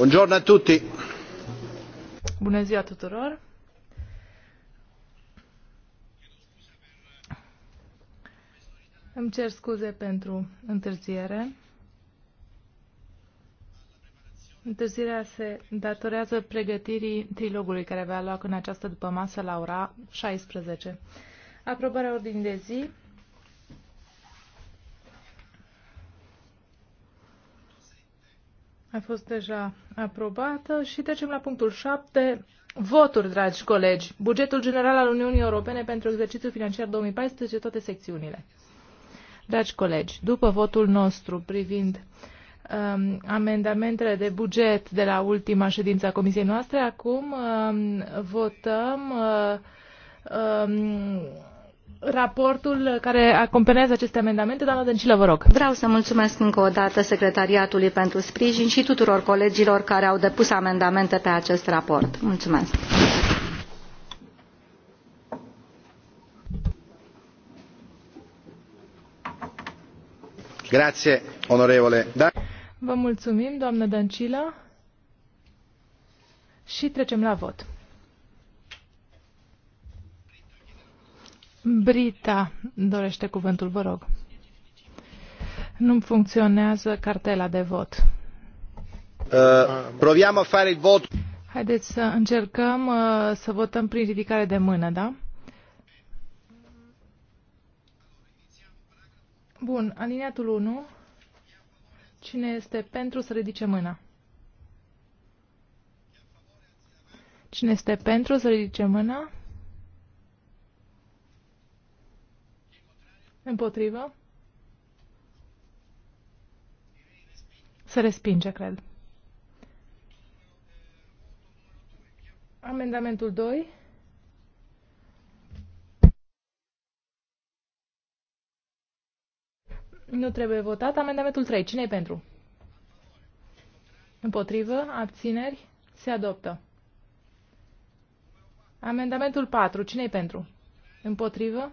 Buongiorno a tutti. Bună ziua tuturor. Îmi cer scuze pentru întârziere. Întârzierea se datorează pregătirii trilogului care avea loc în această masă la ora 16. Aprobarea ordinii de zi. a fost deja aprobată și trecem la punctul 7. Voturi, dragi colegi. Bugetul general al Uniunii Europene pentru exercițiul financiar 2014, toate secțiunile. Dragi colegi, după votul nostru privind um, amendamentele de buget de la ultima ședință a comisiei noastre, acum um, votăm uh, um, raportul care acompanează aceste amendamente. Doamna Dăncilă, vă rog. Vreau să mulțumesc încă o dată secretariatului pentru sprijin și tuturor colegilor care au depus amendamente pe acest raport. Mulțumesc. Grație, onorevole. Da. Vă mulțumim, doamnă Dăncilă. Și trecem la vot. Brita dorește cuvântul, vă rog. Nu funcționează cartela de vot. Uh, proviamo a fare il voto. Haideți să încercăm uh, să votăm prin ridicare de mână, da? Bun, aliniatul 1. Cine este pentru să ridice mâna? Cine este pentru să ridice mâna? Împotrivă? Se respinge, cred. Amendamentul 2. Nu trebuie votat. Amendamentul 3. cine e pentru? Împotrivă? Abțineri? Se adoptă. Amendamentul 4. cine e pentru? Împotrivă?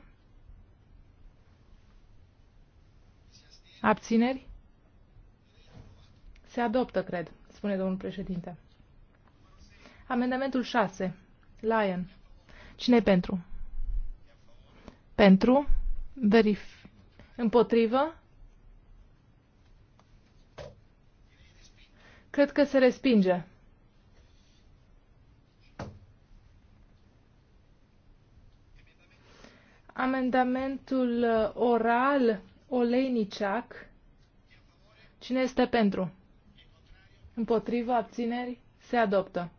Abțineri? Se adoptă, cred, spune domnul președinte. Amendamentul 6. Lion. cine pentru? Pentru. Verif. Împotrivă. Cred că se respinge. Amendamentul uh, oral Oleiniciac. Cine este pentru? Împotrivă, abțineri, se adoptă.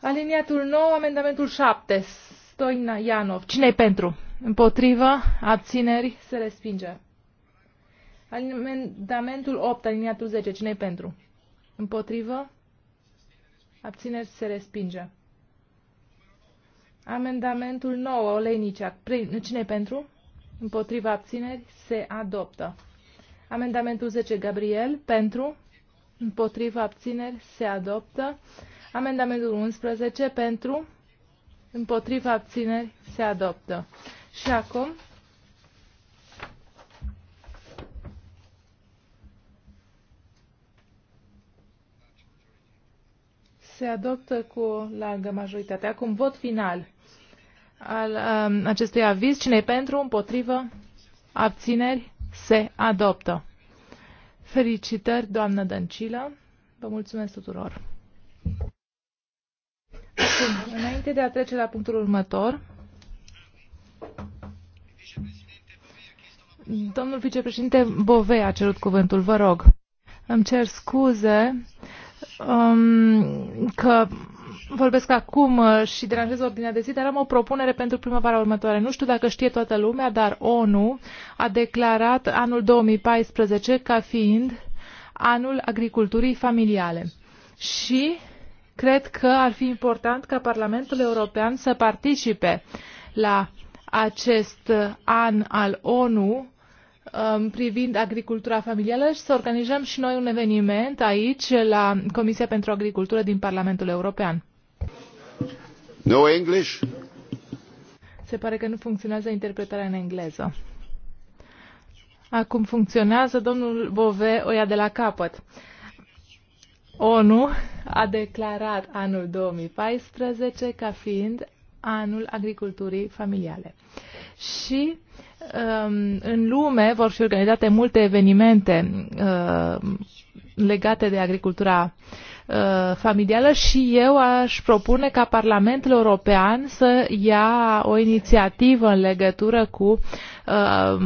Aliniatul 9, amendamentul 7, Stoina Ianov. cine e pentru? Împotrivă, abțineri, se respinge. Amendamentul 8, aliniatul 10, cine e pentru? Împotrivă, abțineri, se respinge. Amendamentul 9, Oleiniciac, cine-i pentru? Împotriva abțineri se adoptă. Amendamentul 10, Gabriel, pentru. Împotriva abțineri se adoptă. Amendamentul 11, pentru. Împotriva abțineri se adoptă. Și acum se adoptă cu largă majoritate. Acum, vot final al um, acestui aviz. Cine e pentru, împotrivă, abțineri, se adoptă. Felicitări, doamnă Dăncilă. Vă mulțumesc tuturor. Acum, înainte de a trece la punctul următor, domnul vicepreședinte Bovei a cerut cuvântul. Vă rog. Îmi cer scuze um, că vorbesc acum uh, și deranjez ordinea de zi, dar am o propunere pentru primăvara următoare. Nu știu dacă știe toată lumea, dar ONU a declarat anul 2014 ca fiind anul agriculturii familiale. Și cred că ar fi important ca Parlamentul European să participe la acest an al ONU um, privind agricultura familială și să organizăm și noi un eveniment aici la Comisia pentru Agricultură din Parlamentul European. No English? Se pare că nu funcționează interpretarea în engleză. Acum funcționează, domnul Bove o ia de la capăt. ONU a declarat anul 2014 ca fiind anul agriculturii familiale. Și um, în lume vor fi organizate multe evenimente uh, legate de agricultura uh, Uh, familială și eu aș propune ca Parlamentul European să ia o inițiativă în legătură cu uh,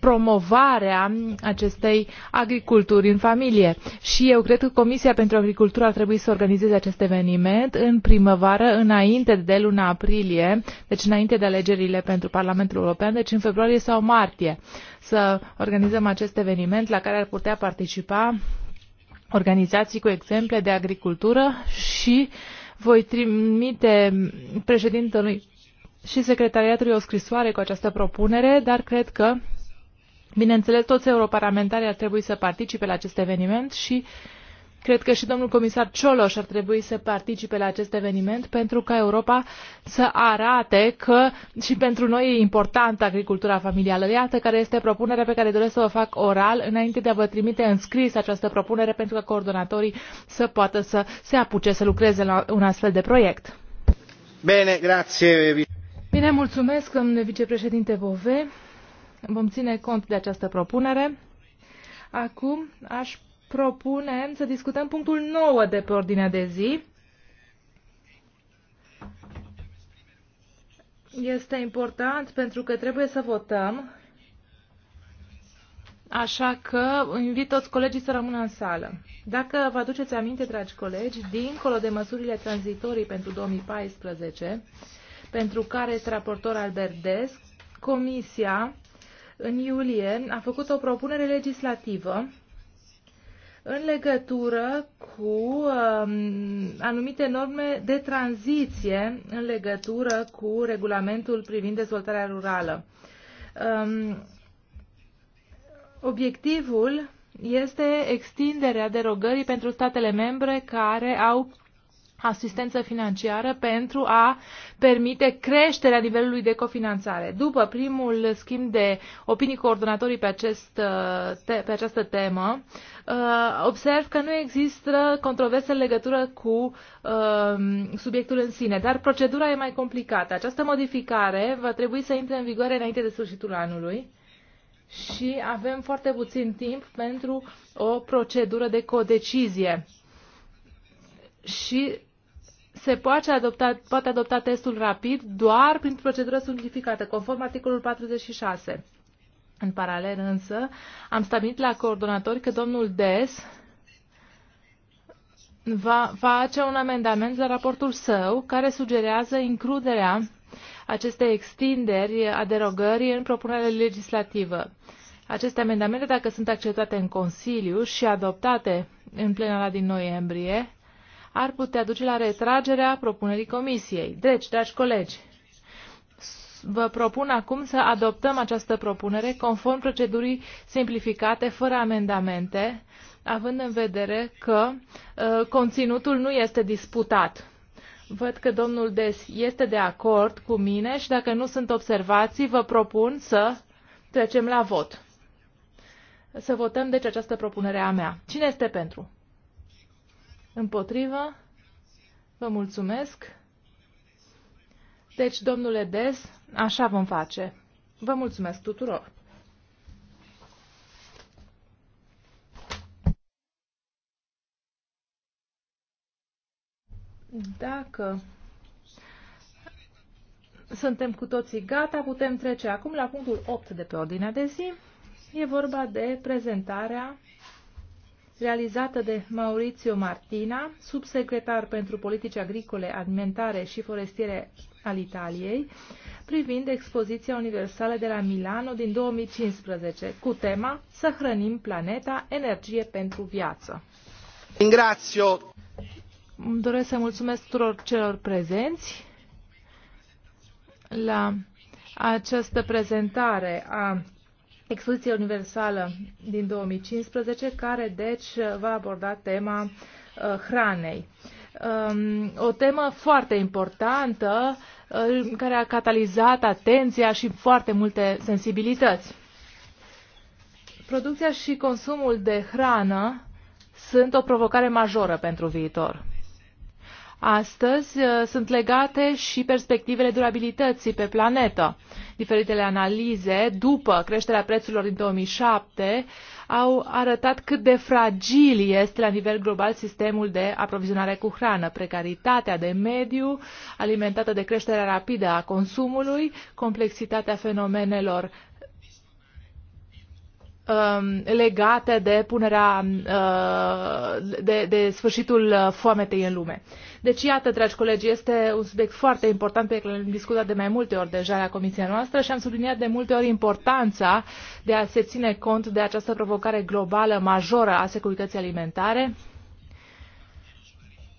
promovarea acestei agriculturi în familie. Și eu cred că Comisia pentru Agricultură ar trebui să organizeze acest eveniment în primăvară, înainte de luna aprilie, deci înainte de alegerile pentru Parlamentul European, deci în februarie sau martie, să organizăm acest eveniment la care ar putea participa organizații cu exemple de agricultură și voi trimite președintelui și secretariatului o scrisoare cu această propunere, dar cred că, bineînțeles, toți europarlamentarii ar trebui să participe la acest eveniment și uh, Cred că și domnul comisar ciolo ar trebui să participe la acest eveniment pentru ca Europa să arate că și pentru noi e importantă agricultura familială. Iată care este propunerea pe care doresc să o fac oral înainte de a vă trimite în scris această propunere pentru ca coordonatorii să poată să se apuce să lucreze la un astfel de proiect. Bine, grație. Bine, mulțumesc, domnule vicepreședinte Bove. Vom ține cont de această propunere. Acum aș propunem să discutăm punctul 9 de pe ordinea de zi. Este important pentru că trebuie să votăm, așa că invit toți colegii să rămână în sală. Dacă vă aduceți aminte, dragi colegi, dincolo de măsurile tranzitorii pentru 2014, pentru care este raportor Albert Des, Comisia în iulie a făcut o propunere legislativă în legătură cu um, anumite norme de tranziție în legătură cu regulamentul privind dezvoltarea rurală. Um, obiectivul este extinderea derogării pentru statele membre care au asistență financiară pentru a permite creșterea nivelului de cofinanțare. După primul schimb de opinii coordonatorii pe, acest, uh, pe această temă, uh, observ că nu există controverse în legătură cu uh, subiectul în sine, dar procedura e mai complicată. Această modificare va trebui să intre în vigoare înainte de sfârșitul anului și avem foarte puțin timp pentru o procedură de codecizie și se poate adopta, poate adopta testul rapid doar prin procedură simplificată, conform articolul 46. În paralel însă, am stabilit la coordonatori că domnul Des va face un amendament la raportul său care sugerează includerea acestei extinderi a derogării în propunerea legislativă. Aceste amendamente, dacă sunt acceptate în Consiliu și adoptate în plenara din noiembrie, ar putea duce la retragerea propunerii Comisiei. Deci, dragi colegi, vă propun acum să adoptăm această propunere conform procedurii simplificate, fără amendamente, având în vedere că uh, conținutul nu este disputat. Văd că domnul Des este de acord cu mine și dacă nu sunt observații, vă propun să trecem la vot. Să votăm deci această propunere a mea. Cine este pentru? Împotrivă? Vă mulțumesc. Deci, domnule Des, așa vom face. Vă mulțumesc tuturor. Dacă suntem cu toții gata, putem trece acum la punctul 8 de pe ordinea de zi. E vorba de prezentarea realizată de Maurizio Martina, subsecretar pentru politici agricole, alimentare și forestiere al Italiei, privind expoziția universală de la Milano din 2015, cu tema Să hrănim planeta, energie pentru viață. Ingrazio! Îmi doresc să mulțumesc tuturor celor prezenți la această prezentare a expoziție universală din 2015, care deci va aborda tema uh, hranei. Um, o temă foarte importantă uh, care a catalizat atenția și foarte multe sensibilități. Producția și consumul de hrană sunt o provocare majoră pentru viitor. Astăzi uh, sunt legate și perspectivele durabilității pe planetă. Uh, diferitele analize după creșterea prețurilor din 2007 au arătat cât de fragil este la nivel global sistemul de aprovizionare cu hrană, precaritatea de mediu alimentată de creșterea rapidă a consumului, complexitatea fenomenelor Um, legate de punerea uh, de, de sfârșitul uh, foametei în lume. Deci, iată, dragi colegi, este un subiect foarte important pe care l-am discutat de mai multe ori deja la comisia noastră și am subliniat de multe ori importanța de a se ține cont de această provocare globală majoră a securității alimentare.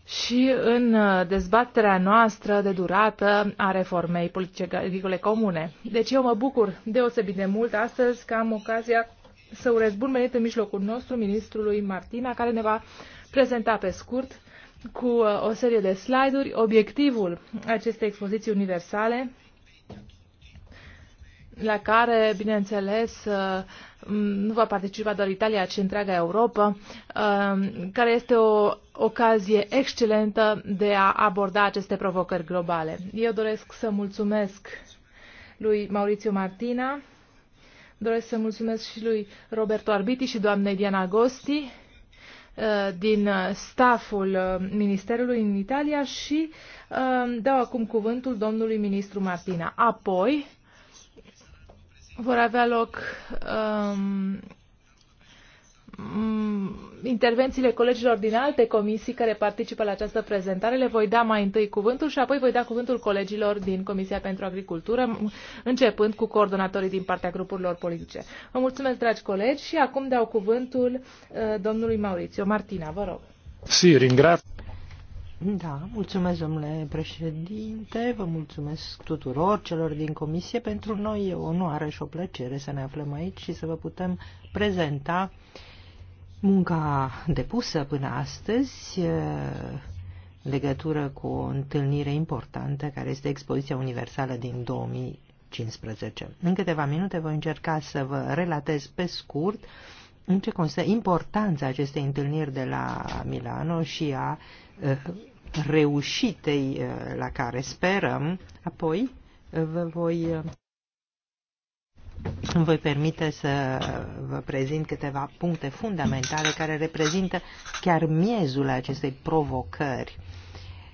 Și în uh, dezbaterea noastră de durată a reformei politice agricole comune. Deci eu mă bucur deosebit de mult astăzi că am ocazia să urez bun venit în mijlocul nostru ministrului Martina, care ne va prezenta pe scurt cu uh, o serie de slide-uri obiectivul acestei expoziții universale, la care, bineînțeles, uh, nu va participa doar Italia, ci întreaga Europa, uh, care este o ocazie excelentă de a aborda aceste provocări globale. Eu doresc să mulțumesc lui Maurizio Martina, Doresc să mulțumesc și lui Roberto Arbiti și doamnei Diana Gosti uh, din uh, staful uh, Ministerului în Italia și dau acum cuvântul domnului ministru Martina. Apoi vor avea loc um, Mm, intervențiile colegilor din alte comisii care participă la această prezentare. Le voi da mai întâi cuvântul și apoi voi da cuvântul colegilor din Comisia pentru Agricultură, începând cu coordonatorii din partea grupurilor politice. Vă mulțumesc, dragi colegi, și acum dau cuvântul uh, domnului Maurițiu. Martina. Vă rog. Si, ringrat. Da, mulțumesc, domnule președinte, vă mulțumesc tuturor celor din comisie. Pentru noi e o onoare și o plăcere să ne aflăm aici și să vă putem prezenta uh, Munca depusă până astăzi în eh, legătură cu o întâlnire importantă care este expoziția universală din 2015. În câteva minute voi încerca să vă relatez pe scurt în ce constă importanța acestei întâlniri de la Milano și a eh, reușitei eh, la care sperăm. Apoi vă voi îmi voi permite să vă prezint câteva puncte fundamentale care reprezintă chiar miezul acestei provocări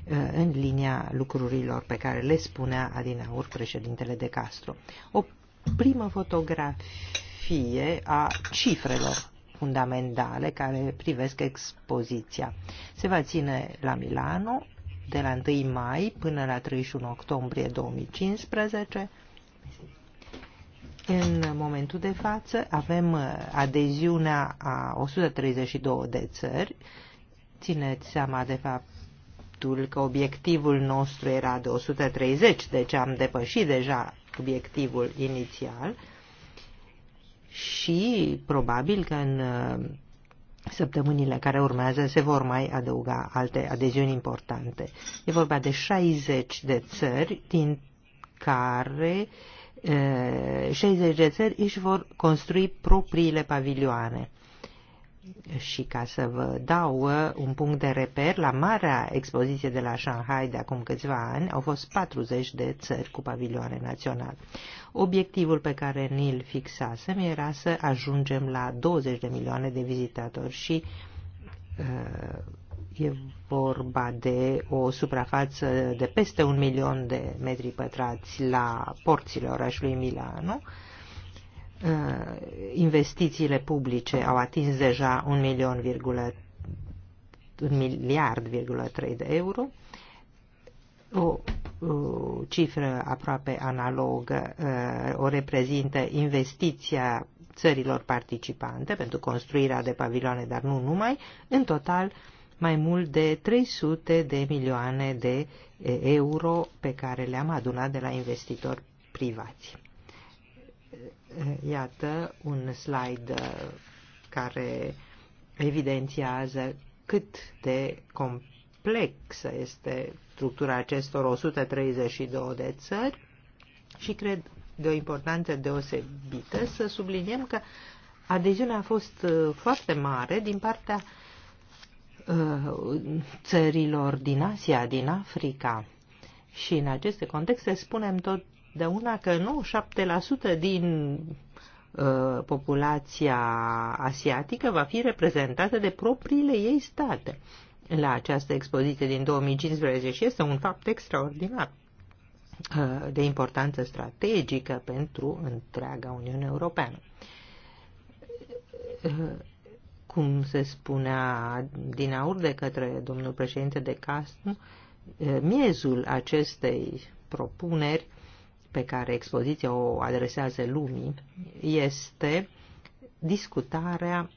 uh, în linia lucrurilor pe care le spunea Adinaur președintele de Castro. O primă fotografie a cifrelor fundamentale care privesc expoziția. Se va ține la Milano de la 1 mai până la 31 octombrie 2015 în momentul de față avem uh, adeziunea a 132 de țări. Țineți seama de faptul că obiectivul nostru era de 130, deci am depășit deja obiectivul inițial și probabil că în uh, săptămânile care urmează se vor mai adăuga alte adeziuni importante. E vorba de 60 de țări din care uh, 60 eh, de țări își vor construi propriile pavilioane. Și ca să vă dau eh, un punct de reper, la marea expoziție de la Shanghai de acum câțiva ani au fost 40 de țări cu pavilioane naționale. Obiectivul pe care ni-l fixasem era să ajungem la 20 de milioane de vizitatori și uh, E vorba de o suprafață de peste un milion de metri pătrați la porțile orașului Milano. Uh, investițiile publice au atins deja un milion, un miliard, trei de euro. O, o cifră aproape analogă uh, o reprezintă investiția țărilor participante pentru construirea de pavilioane, dar nu numai, în total mai mult de 300 de milioane de euro pe care le-am adunat de la investitori privați. Iată un slide uh, care evidențiază cât de complexă este structura acestor 132 de țări și cred de o importanță deosebită să subliniem că adeziunea a fost uh, foarte mare din partea uh, Uh, țărilor din Asia, din Africa. Și în aceste contexte spunem totdeauna că 97% din uh, populația asiatică va fi reprezentată de propriile ei state. La această expoziție din 2015 este un fapt extraordinar uh, de importanță strategică pentru întreaga Uniune Europeană cum se spunea din aur de către domnul președinte de Castru, miezul acestei propuneri pe care expoziția o adresează lumii este discutarea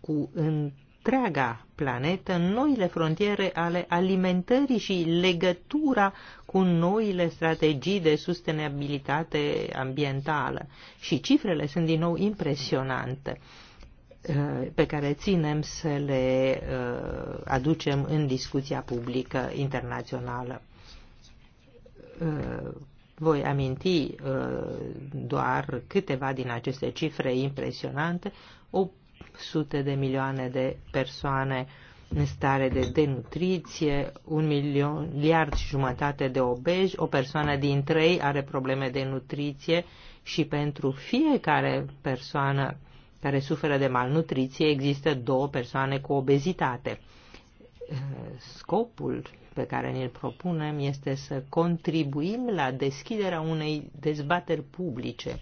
cu întreaga planetă noile frontiere ale alimentării și legătura cu noile strategii de sustenabilitate ambientală. Și cifrele sunt din nou impresionante. Uh, pe care ținem să le uh, aducem în discuția publică internațională. Uh, voi aminti doar câteva din aceste cifre impresionante, 800 de milioane de persoane în stare de denutriție, un miliard și jumătate de obeji, o persoană din trei are probleme de nutriție și pentru fiecare persoană care suferă de malnutriție, există două persoane cu obezitate. Scopul pe care ne-l propunem este să contribuim la deschiderea unei dezbateri publice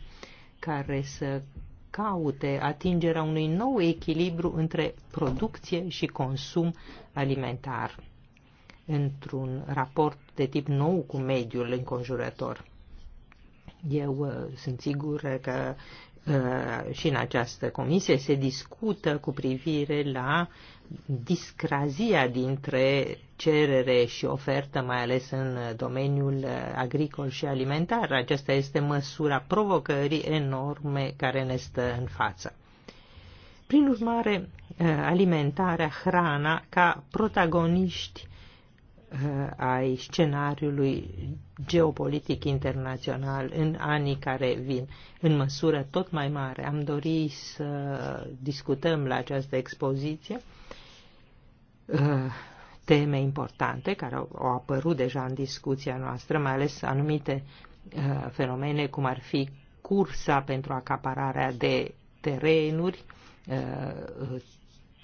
care să caute atingerea unui nou echilibru între producție și consum alimentar într-un raport de tip nou cu mediul înconjurător. Eu uh, sunt sigur că Uh, și în această comisie se discută cu privire la discrazia dintre cerere și ofertă, mai ales în domeniul agricol și alimentar. Aceasta este măsura provocării enorme care ne stă în față. Prin urmare, uh, alimentarea, hrana, ca protagoniști ai scenariului geopolitic internațional în anii care vin, în măsură tot mai mare. Am dorit să discutăm la această expoziție uh, teme importante care au apărut deja în discuția noastră, mai ales anumite uh, fenomene cum ar fi cursa pentru acapararea de terenuri, uh,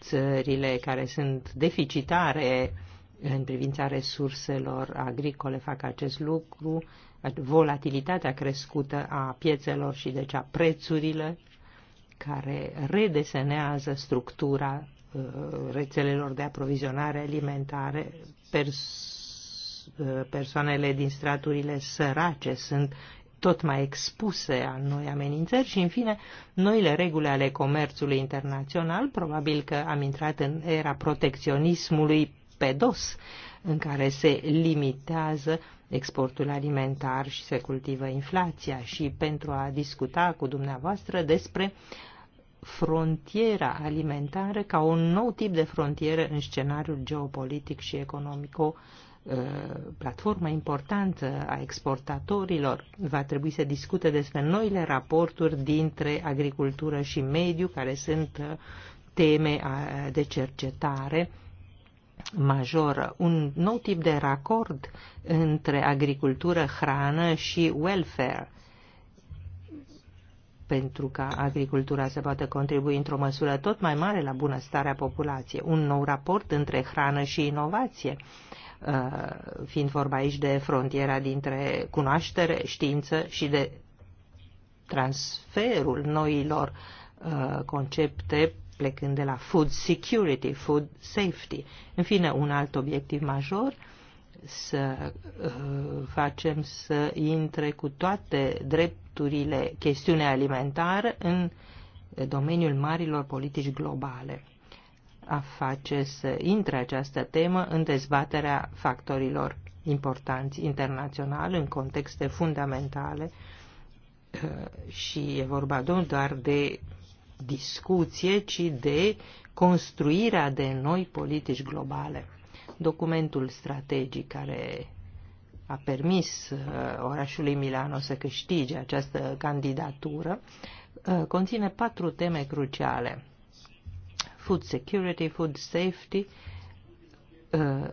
țările care sunt deficitare în privința resurselor agricole fac acest lucru, volatilitatea crescută a piețelor și deci a prețurile care redesenează structura uh, rețelelor de aprovizionare alimentare. Pers uh, persoanele din straturile sărace sunt tot mai expuse a noi amenințări și, în fine, noile reguli ale comerțului internațional. Probabil că am intrat în era protecționismului pedos în care se limitează exportul alimentar și se cultivă inflația și pentru a discuta cu dumneavoastră despre frontiera alimentară ca un nou tip de frontieră în scenariul geopolitic și o platformă importantă a exportatorilor. Va trebui să discute despre noile raporturi dintre agricultură și mediu, care sunt teme de cercetare majoră, un nou tip de racord între agricultură, hrană și welfare pentru ca agricultura să poată contribui într-o măsură tot mai mare la bunăstarea populației, un nou raport între hrană și inovație, uh, fiind vorba aici de frontiera dintre cunoaștere, știință și de transferul noilor uh, concepte plecând de la food security, food safety. În fine, un alt obiectiv major, să uh, facem să intre cu toate drepturile chestiunea alimentară în domeniul marilor politici globale. A face să intre această temă în dezbaterea factorilor importanți internațional în contexte fundamentale uh, și e vorba nu doar de discuție, ci de construirea de noi politici globale. Documentul strategic care a permis uh, orașului Milano să câștige această candidatură uh, conține patru teme cruciale. Food security, food safety, uh,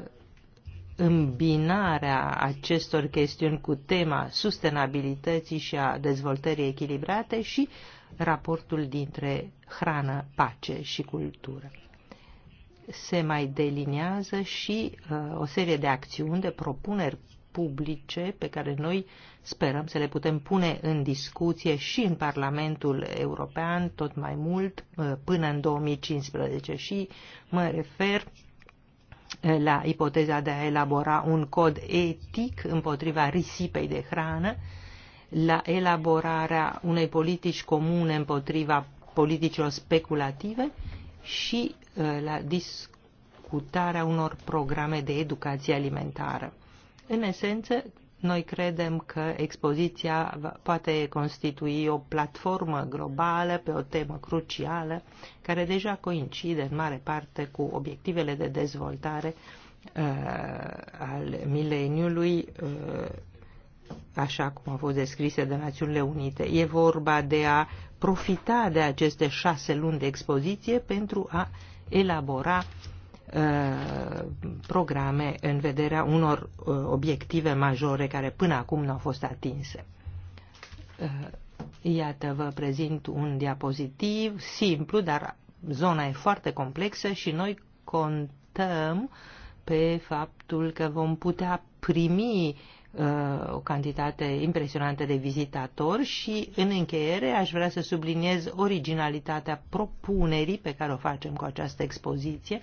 îmbinarea acestor chestiuni cu tema sustenabilității și a dezvoltării echilibrate și raportul dintre hrană, pace și cultură. Se mai delinează și uh, o serie de acțiuni, de propuneri publice pe care noi sperăm să le putem pune în discuție și în Parlamentul European tot mai mult uh, până în 2015 și mă refer uh, la ipoteza de a elabora un cod etic împotriva risipei de hrană la elaborarea unei politici comune împotriva politicilor speculative și uh, la discutarea unor programe de educație alimentară. În esență, noi credem că expoziția poate constitui o platformă globală pe o temă crucială, care deja coincide în mare parte cu obiectivele de dezvoltare uh, al mileniului uh, așa cum au fost descrise de Națiunile Unite. E vorba de a profita de aceste șase luni de expoziție pentru a elabora uh, programe în vederea unor uh, obiective majore care până acum nu au fost atinse. Uh, iată, vă prezint un diapozitiv simplu, dar zona e foarte complexă și noi contăm uh, pe faptul că vom putea primi uh, o cantitate impresionantă de vizitatori și în încheiere aș vrea să subliniez originalitatea propunerii pe care o facem cu această expoziție,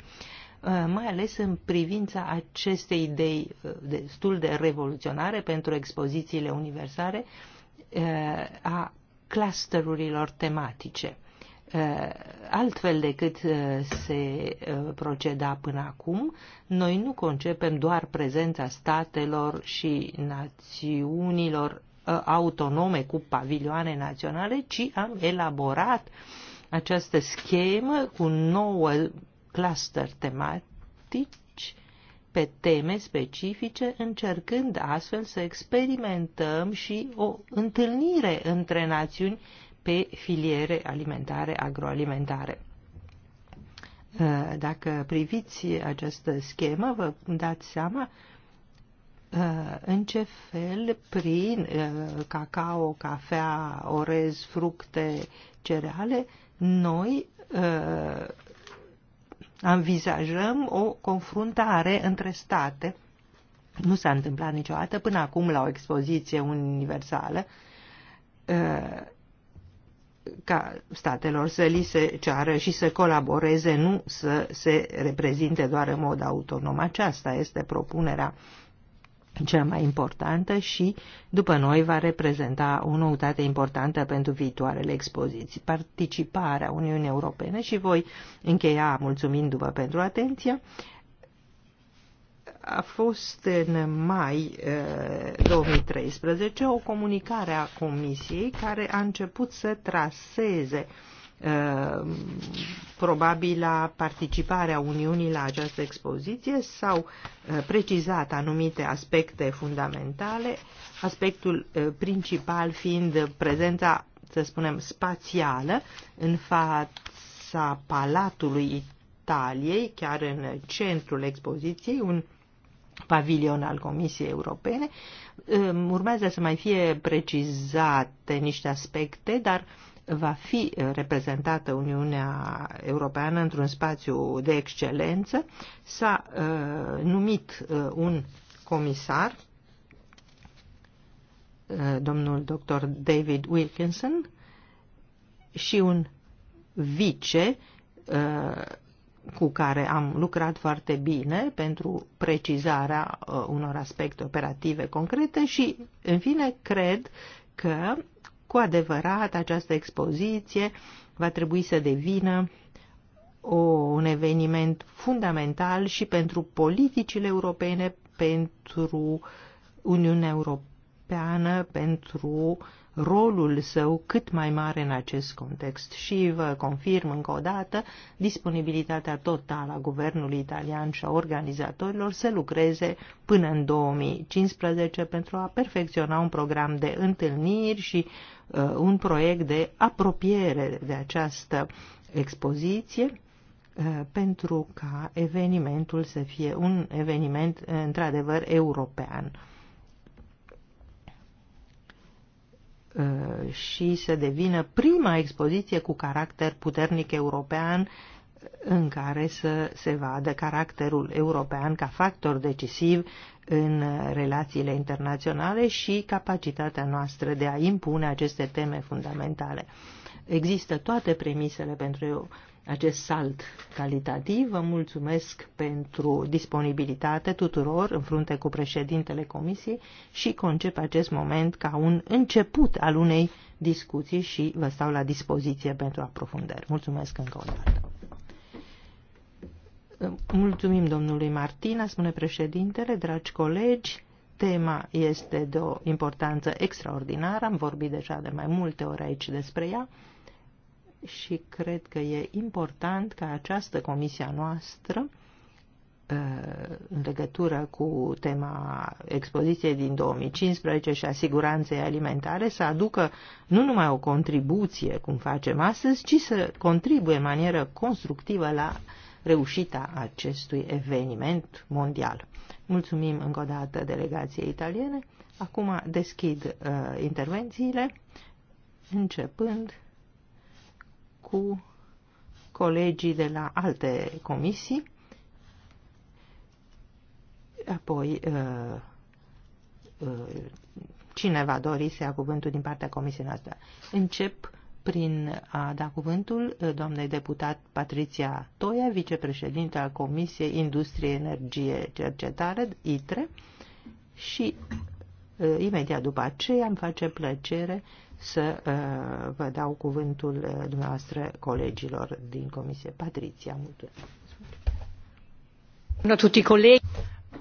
uh, mai ales în privința acestei idei uh, destul de revoluționare pentru expozițiile universale a clusterurilor tematice altfel decât se proceda până acum, noi nu concepem doar prezența statelor și națiunilor autonome cu pavilioane naționale, ci am elaborat această schemă cu nouă cluster tematici pe teme specifice, încercând astfel să experimentăm și o întâlnire între națiuni pe filiere alimentare, agroalimentare. Uh, dacă priviți această schemă, vă dați seama uh, în ce fel prin uh, cacao, cafea, orez, fructe, cereale, noi anvizajăm o confruntare între state. Nu s-a întâmplat niciodată până acum la o expoziție universală ca statelor să li se ceară și să colaboreze, nu să se reprezinte doar în mod autonom. Aceasta este propunerea cea mai importantă și, după noi, va reprezenta o noutate importantă pentru viitoarele expoziții. Participarea Uniunii Europene și voi încheia mulțumindu-vă pentru atenție a fost în mai 2013 eh, o comunicare a Comisiei care a început să traseze eh, probabila participarea Uniunii la această expoziție s-au eh, precizat anumite aspecte fundamentale, aspectul principal fiind prezența, să spunem, spațială în fața Palatului Italiei, chiar în centrul expoziției, un pavilion al Comisiei Europene. Urmează să mai fie precizate niște aspecte, dar va fi reprezentată Uniunea Europeană într-un spațiu de excelență. S-a uh, numit uh, un comisar, uh, domnul dr. David Wilkinson, și un vice cu care am lucrat foarte bine pentru precizarea uh, unor aspecte operative concrete și, în fine, cred că, cu adevărat, această expoziție va trebui să devină o, un eveniment fundamental și pentru politicile europene, pentru Uniunea Europeană Europeană pentru rolul său cât mai mare în acest context și vă confirm încă o dată disponibilitatea totală a guvernului italian și a organizatorilor să lucreze până în 2015 pentru a perfecționa un program de întâlniri și uh, un proiect de apropiere de această expoziție uh, pentru ca evenimentul să fie un eveniment uh, într-adevăr european. Uh, și să devină prima expoziție cu caracter puternic european uh, în care să se vadă caracterul european ca factor decisiv în uh, relațiile internaționale și capacitatea noastră de a impune aceste teme fundamentale. Există toate premisele pentru acest salt calitativ. Vă mulțumesc pentru disponibilitate tuturor în frunte cu președintele Comisiei și concep acest moment ca un început al unei discuții și vă stau la dispoziție pentru aprofundări. Mulțumesc încă o dată. Mulțumim domnului Martina, spune președintele, dragi colegi. Tema este de o importanță extraordinară, am vorbit deja de mai multe ori aici despre ea și cred că e important ca această comisia noastră uh, în legătură cu tema expoziției din 2015 și a siguranței alimentare, să aducă nu numai o contribuție, cum facem astăzi, ci să contribuie în manieră constructivă la reușita acestui eveniment mondial. Mulțumim încă o dată delegației italiene. Acum deschid uh, intervențiile, începând cu colegii de la alte comisii, apoi uh, uh, cine va dori să ia cuvântul din partea comisiei noastre. Încep prin a da cuvântul uh, doamnei deputat Patricia Toia, vicepreședinte al Comisiei Industrie, Energie, Cercetare, ITRE, și imediat după aceea îmi face plăcere să vă dau cuvântul dumneavoastră colegilor din Comisie. Patriția, mulțumesc.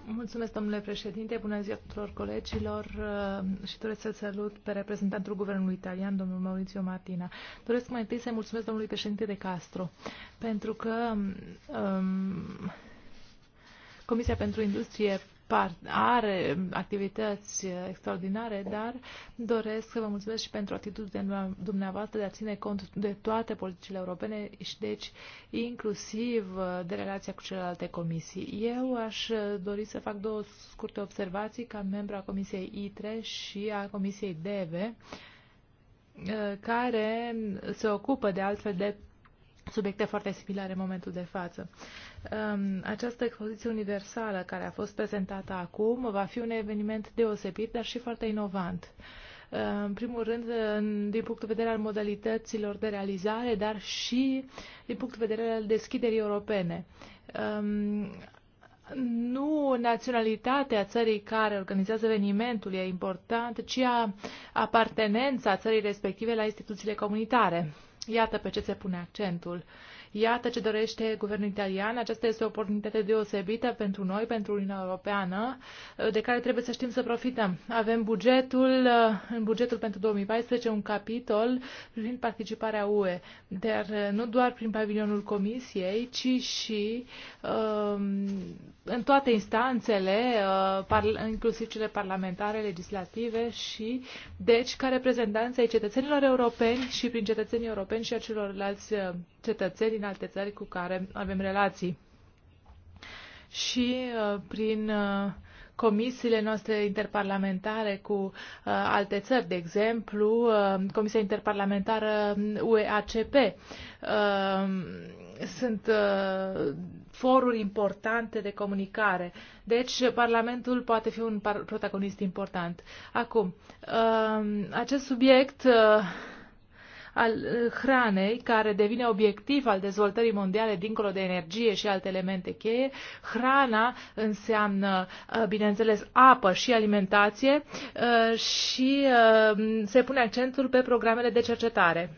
Mulțumesc, domnule președinte. Bună ziua tuturor colegilor și doresc să salut pe reprezentantul guvernului italian, domnul Maurizio Martina. Doresc mai întâi să mulțumesc domnului președinte de Castro, pentru că um, Comisia pentru Industrie are activități extraordinare, dar doresc să vă mulțumesc și pentru atitudinea dumneavoastră de a ține cont de toate politicile europene și deci inclusiv uh, de relația cu celelalte comisii. Eu aș uh, dori să fac două scurte observații ca membru a Comisiei ITRE și a Comisiei DEVE uh, care se ocupă de altfel de subiecte foarte similare în momentul de față. Um, această expoziție universală care a fost prezentată acum va fi un eveniment deosebit, dar și foarte inovant. Uh, în primul rând, uh, din punct de vedere al modalităților de realizare, dar și din punct de vedere al deschiderii europene um, nu naționalitatea țării care organizează evenimentul e important, ci a apartenența țării respective la instituțiile comunitare. Iată pe ce se pune accentul. Iată ce dorește guvernul italian. Aceasta este o oportunitate deosebită pentru noi, pentru Uniunea Europeană, de care trebuie să știm să profităm. Avem bugetul, în bugetul pentru 2014, un capitol privind participarea UE, dar nu doar prin pavilionul Comisiei, ci și um, în toate instanțele, uh, inclusiv cele parlamentare, legislative și, deci, ca ai cetățenilor europeni și prin cetățenii europeni și a celorlalți uh, cetățeni din alte țări cu care avem relații. Și uh, prin uh, comisiile noastre interparlamentare cu uh, alte țări, de exemplu, uh, Comisia Interparlamentară UEACP. Um, uh, sunt uh, foruri importante de comunicare. Deci, Parlamentul poate fi un protagonist important. Acum, uh, acest subiect. Uh, al eh, hranei, care devine obiectiv al dezvoltării mondiale dincolo de energie și alte elemente cheie. Hrana înseamnă, eh, bineînțeles, apă și alimentație eh, și se pune accentul pe programele de cercetare.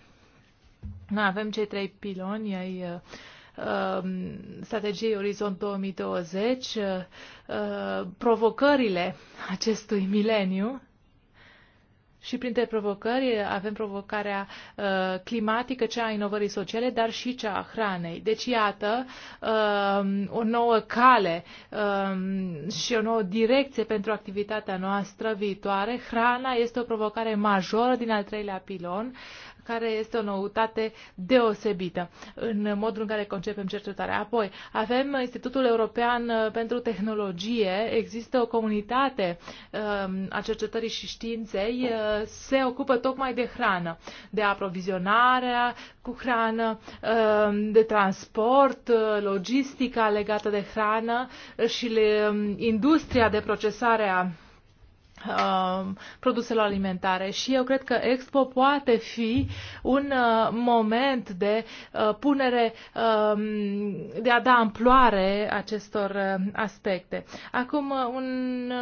Noi avem cei trei piloni ai strategiei Orizont 2020, provocările acestui mileniu și printre provocări avem provocarea uh, climatică, cea a inovării sociale, dar și cea a hranei. Deci, iată, uh, o nouă cale uh, și o nouă direcție pentru activitatea noastră viitoare. Hrana este o provocare majoră din al treilea pilon. Uh, care este o noutate deosebită în modul în care concepem cercetarea. Apoi, avem Institutul European uh, pentru Tehnologie, există o comunitate um, a cercetării și științei, uh, se ocupă tocmai de hrană, de aprovizionarea cu hrană, um, de transport, uh, logistica legată de hrană și um, industria de procesare a Um, produselor alimentare și eu cred că Expo poate fi un uh, moment de uh, punere, um, de a da amploare acestor uh, aspecte. Acum, un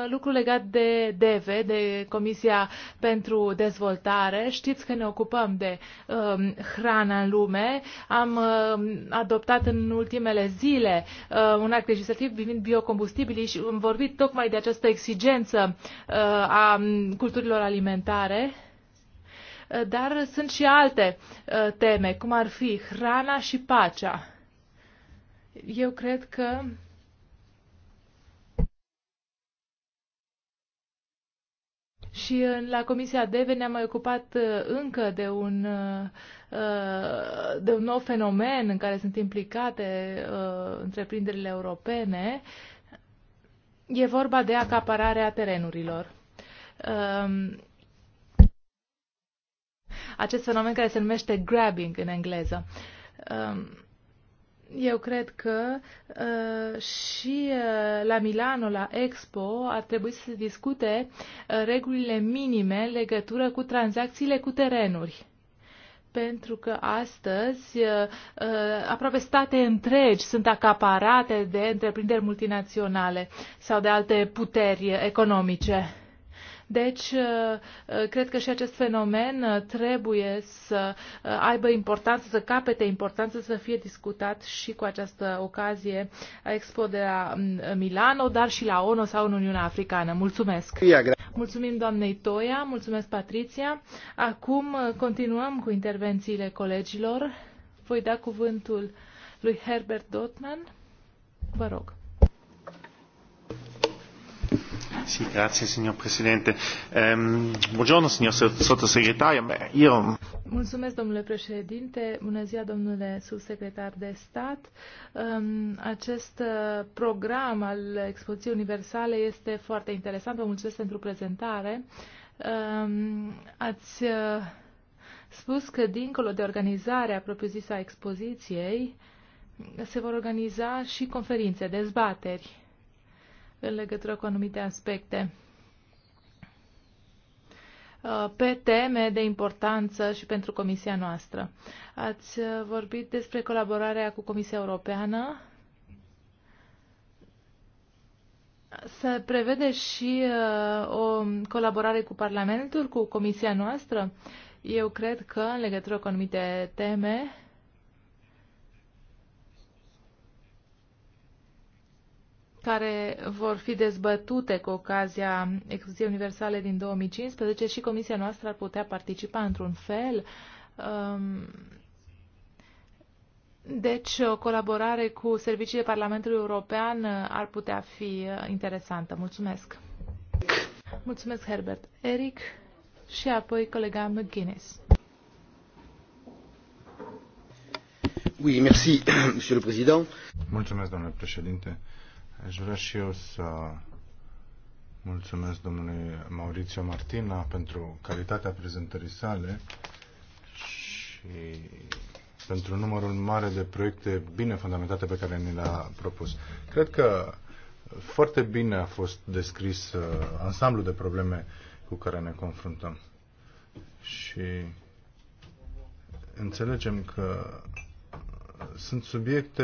lucru legat de DEVE, de Comisia pentru Dezvoltare. Știți că ne ocupăm de um, hrana în lume. Am adoptat în ultimele zile un act legislativ privind biocombustibilii și am vorbit tocmai de această exigență a culturilor alimentare, dar sunt și alte uh, teme, cum ar fi hrana și pacea. Eu cred că Și uh, la Comisia DEVE ne-am mai ocupat uh, încă de un, de un nou fenomen în care sunt implicate întreprinderile europene. E vorba de acapararea terenurilor. Um, acest fenomen care se numește grabbing în engleză. Um, eu cred că uh, și uh, la Milano, la Expo, ar trebui să se discute uh, regulile minime în legătură cu tranzacțiile cu terenuri. Pentru că astăzi uh, uh aproape state întregi sunt acaparate de întreprinderi multinaționale sau de alte puteri economice deci, uh, uh, cred că și acest fenomen uh, trebuie să aibă importanță, să capete importanță, să fie discutat și cu această ocazie a Expo de la mm, Milano, dar și la ONU sau în Uniunea Africană. Mulțumesc! Mulțumim doamnei Toia, mulțumesc Patriția. Acum continuăm cu intervențiile colegilor. Voi da cuvântul lui Herbert Dotman. Vă rog. Sì, grazie signor Presidente. Um, buongiorno signor sottosegretario. Io... Mulțumesc domnule președinte, bună ziua domnule subsecretar de stat. Um, acest uh, program al expoziției universale este foarte interesant. Vă mulțumesc pentru prezentare. Um, ați uh, spus că dincolo de organizarea propriu-zisă a expoziției, se vor organiza și conferințe, dezbateri în legătură cu anumite aspecte uh, pe teme de importanță și pentru comisia noastră. Ați uh, vorbit despre colaborarea cu Comisia Europeană. Se prevede și uh, o colaborare cu Parlamentul, cu comisia noastră. Eu cred că, în legătură cu anumite teme, care vor fi dezbătute cu ocazia Excluziei Universale din 2015 și comisia noastră ar putea participa într-un fel. Um, deci, o colaborare cu serviciile Parlamentului European ar putea fi interesantă. Mulțumesc! Mulțumesc, Herbert. Eric și apoi colega McGuinness. Oui, merci, Monsieur le Président. Mulțumesc, domnule președinte. Aș vrea și eu să mulțumesc domnului Maurizio Martina pentru calitatea prezentării sale și pentru numărul mare de proiecte bine fundamentate pe care ni le-a propus. Cred că foarte bine a fost descris uh, ansamblul de probleme cu care ne confruntăm. Și înțelegem că sunt subiecte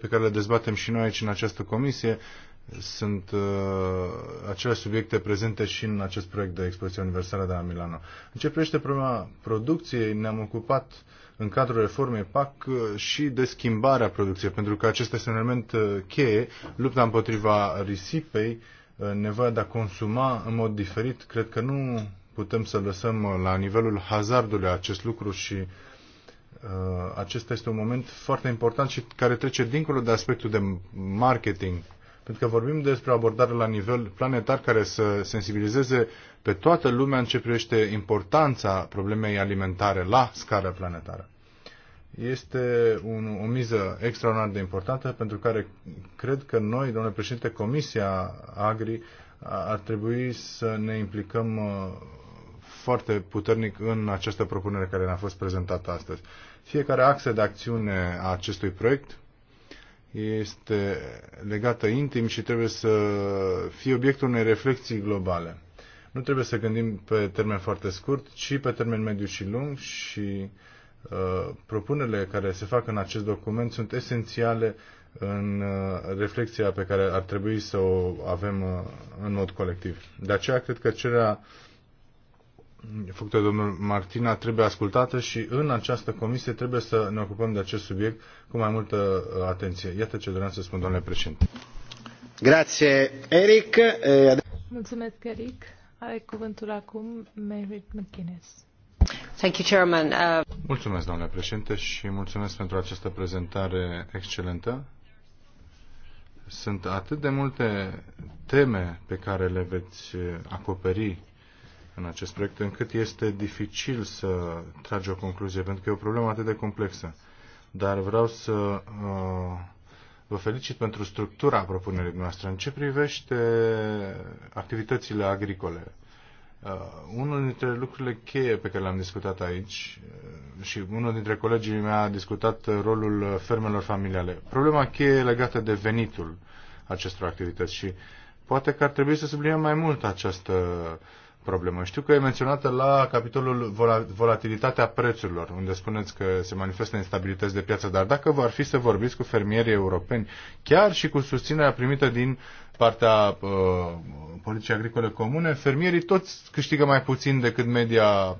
pe care le dezbatem și noi aici în această comisie. Sunt uh, acele subiecte prezente și în acest proiect de expoziție universală de la Milano. În ce privește problema producției, ne-am ocupat în cadrul reformei PAC uh, și de schimbarea producției, pentru că acesta este un element uh, cheie, lupta împotriva risipei, uh, nevoia de a consuma în mod diferit. Cred că nu putem să lăsăm la nivelul hazardului acest lucru și uh, Uh, acesta este un moment foarte important și care trece dincolo de aspectul de marketing. Pentru că vorbim despre abordare la nivel planetar care să sensibilizeze pe toată lumea în ce privește importanța problemei alimentare la scară planetară. Este un, o miză extraordinar de importantă pentru care cred că noi, domnule președinte, Comisia Agri ar trebui să ne implicăm uh, foarte puternic în această propunere care ne-a fost prezentată astăzi. Fiecare axă de acțiune a acestui proiect este legată intim și trebuie să fie obiectul unei reflexii globale. Nu trebuie să gândim pe termen foarte scurt, ci pe termen mediu și lung și uh, propunerile care se fac în acest document sunt esențiale în uh, reflexia pe care ar trebui să o avem uh, în mod colectiv. De aceea cred că cererea făcută de domnul Martina trebuie ascultată și în această comisie trebuie să ne ocupăm de acest subiect cu mai multă uh, atenție. Iată ce doream să spun, domnule președinte. Grație, Eric. Mulțumesc, Eric. Are cuvântul acum Mary McGuinness. Thank you, Chairman. Uh... Mulțumesc, domnule președinte, și mulțumesc pentru această prezentare excelentă. Sunt atât de multe teme pe care le veți acoperi în acest proiect, încât este dificil să tragi o concluzie, pentru că e o problemă atât de complexă. Dar vreau să uh, vă felicit pentru structura propunerii noastre. În ce privește activitățile agricole, uh, unul dintre lucrurile cheie pe care le-am discutat aici uh, și unul dintre colegii mei a discutat rolul fermelor familiale. Problema cheie legată de venitul acestor activități și poate că ar trebui să subliniem mai mult această uh, problemă. Știu că e menționată la capitolul volatilitatea prețurilor, unde spuneți că se manifestă instabilități de piață, dar dacă v-ar fi să vorbiți cu fermierii europeni, chiar și cu susținerea primită din partea uh, politicii agricole comune, fermierii toți câștigă mai puțin decât media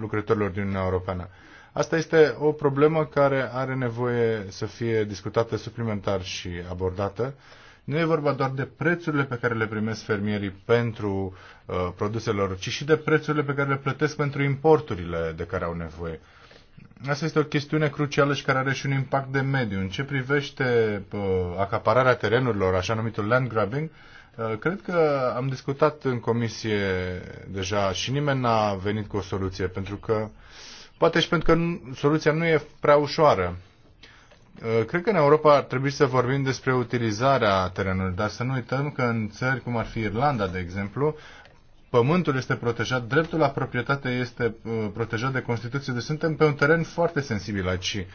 lucrătorilor din Uniunea Europeană. Asta este o problemă care are nevoie să fie discutată suplimentar și abordată. Uh, nu e vorba doar de prețurile pe care le primesc fermierii pentru uh, produsele lor, ci și de prețurile pe care le plătesc pentru importurile de care au nevoie. Asta este o chestiune crucială și care are și un impact de mediu. În ce privește uh, acapararea terenurilor, așa numitul land grabbing, uh, cred că am discutat în comisie deja și nimeni n-a venit cu o soluție, pentru că poate și pentru că soluția nu e prea ușoară. Uh, cred că în Europa ar trebui să vorbim despre utilizarea terenului, dar să nu uităm că în țări cum ar fi Irlanda, de exemplu, pământul este protejat, dreptul la proprietate este uh, protejat de Constituție, deci suntem pe un teren foarte sensibil aici.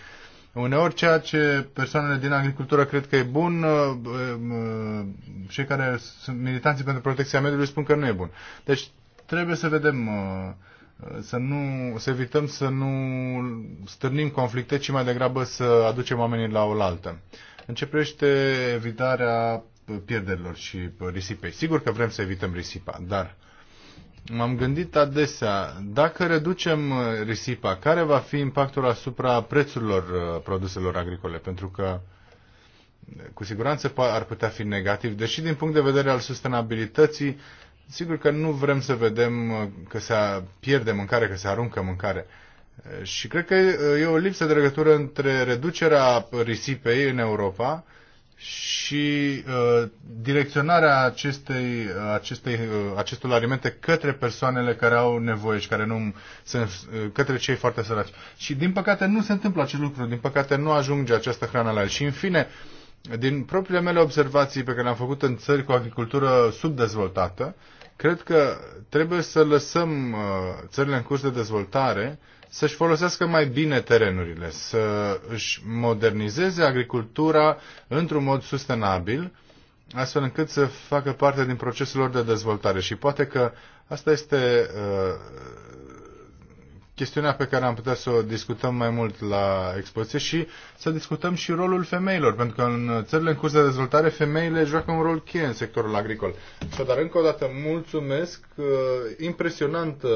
Uneori ceea ce persoanele din agricultură cred că e bun, uh, cei care sunt militanții pentru protecția mediului spun că nu e bun. Deci trebuie să vedem să nu, să evităm să nu stârnim conflicte, ci mai degrabă să aducem oamenii la oaltă. În ce privește evitarea pierderilor și risipei. Sigur că vrem să evităm risipa, dar m-am gândit adesea, dacă reducem risipa, care va fi impactul asupra prețurilor uh, produselor agricole? Pentru că cu siguranță ar putea fi negativ, deși din punct de vedere al sustenabilității Sigur că nu vrem să vedem uh, că se pierde mâncare, că se aruncă mâncare. Uh, și cred că uh, e o lipsă de legătură între reducerea risipei în Europa și uh, direcționarea acestei, acestei, uh, acestor alimente către persoanele care au nevoie și care nu sunt, uh, către cei foarte săraci. Și din păcate nu se întâmplă acest lucru, din păcate nu ajunge această hrană la el. Și în fine, din propriile mele observații pe care le-am făcut în țări cu agricultură subdezvoltată, uh, Cred că trebuie să lăsăm uh, țările în curs de dezvoltare să-și folosească mai bine terenurile, să își modernizeze agricultura într-un mod sustenabil, astfel încât să facă parte din procesul lor de dezvoltare. Și poate că asta este uh, chestiunea pe care am putea să o discutăm mai mult la expoziție și să discutăm și rolul femeilor, pentru că în țările în curs de dezvoltare femeile joacă un rol cheie în sectorul agricol. Și dar încă o dată, mulțumesc, uh, impresionantă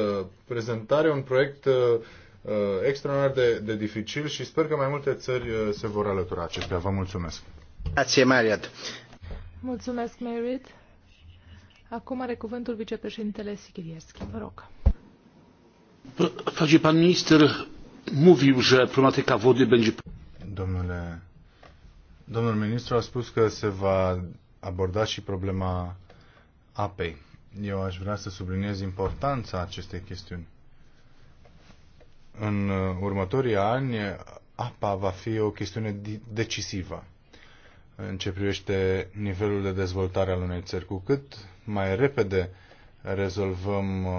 prezentare, un proiect uh, uh, extraordinar de, de dificil și sper că mai multe țări se vor alătura acestuia. Vă mulțumesc! Grazie, Mariat! Mulțumesc, Merit! Acum are cuvântul vicepreședintele Sigirieschi. Vă rog! Wprawdzie pan minister mówił, że problematyka wody będzie... Domnule, domnul ministru a spus că se va aborda și problema apei. Eu aș vrea să subliniez importanța acestei chestiuni. În uh, următorii ani, apa va fi o chestiune decisivă în ce privește nivelul de dezvoltare al unei țări. Cu cât mai repede rezolvăm uh,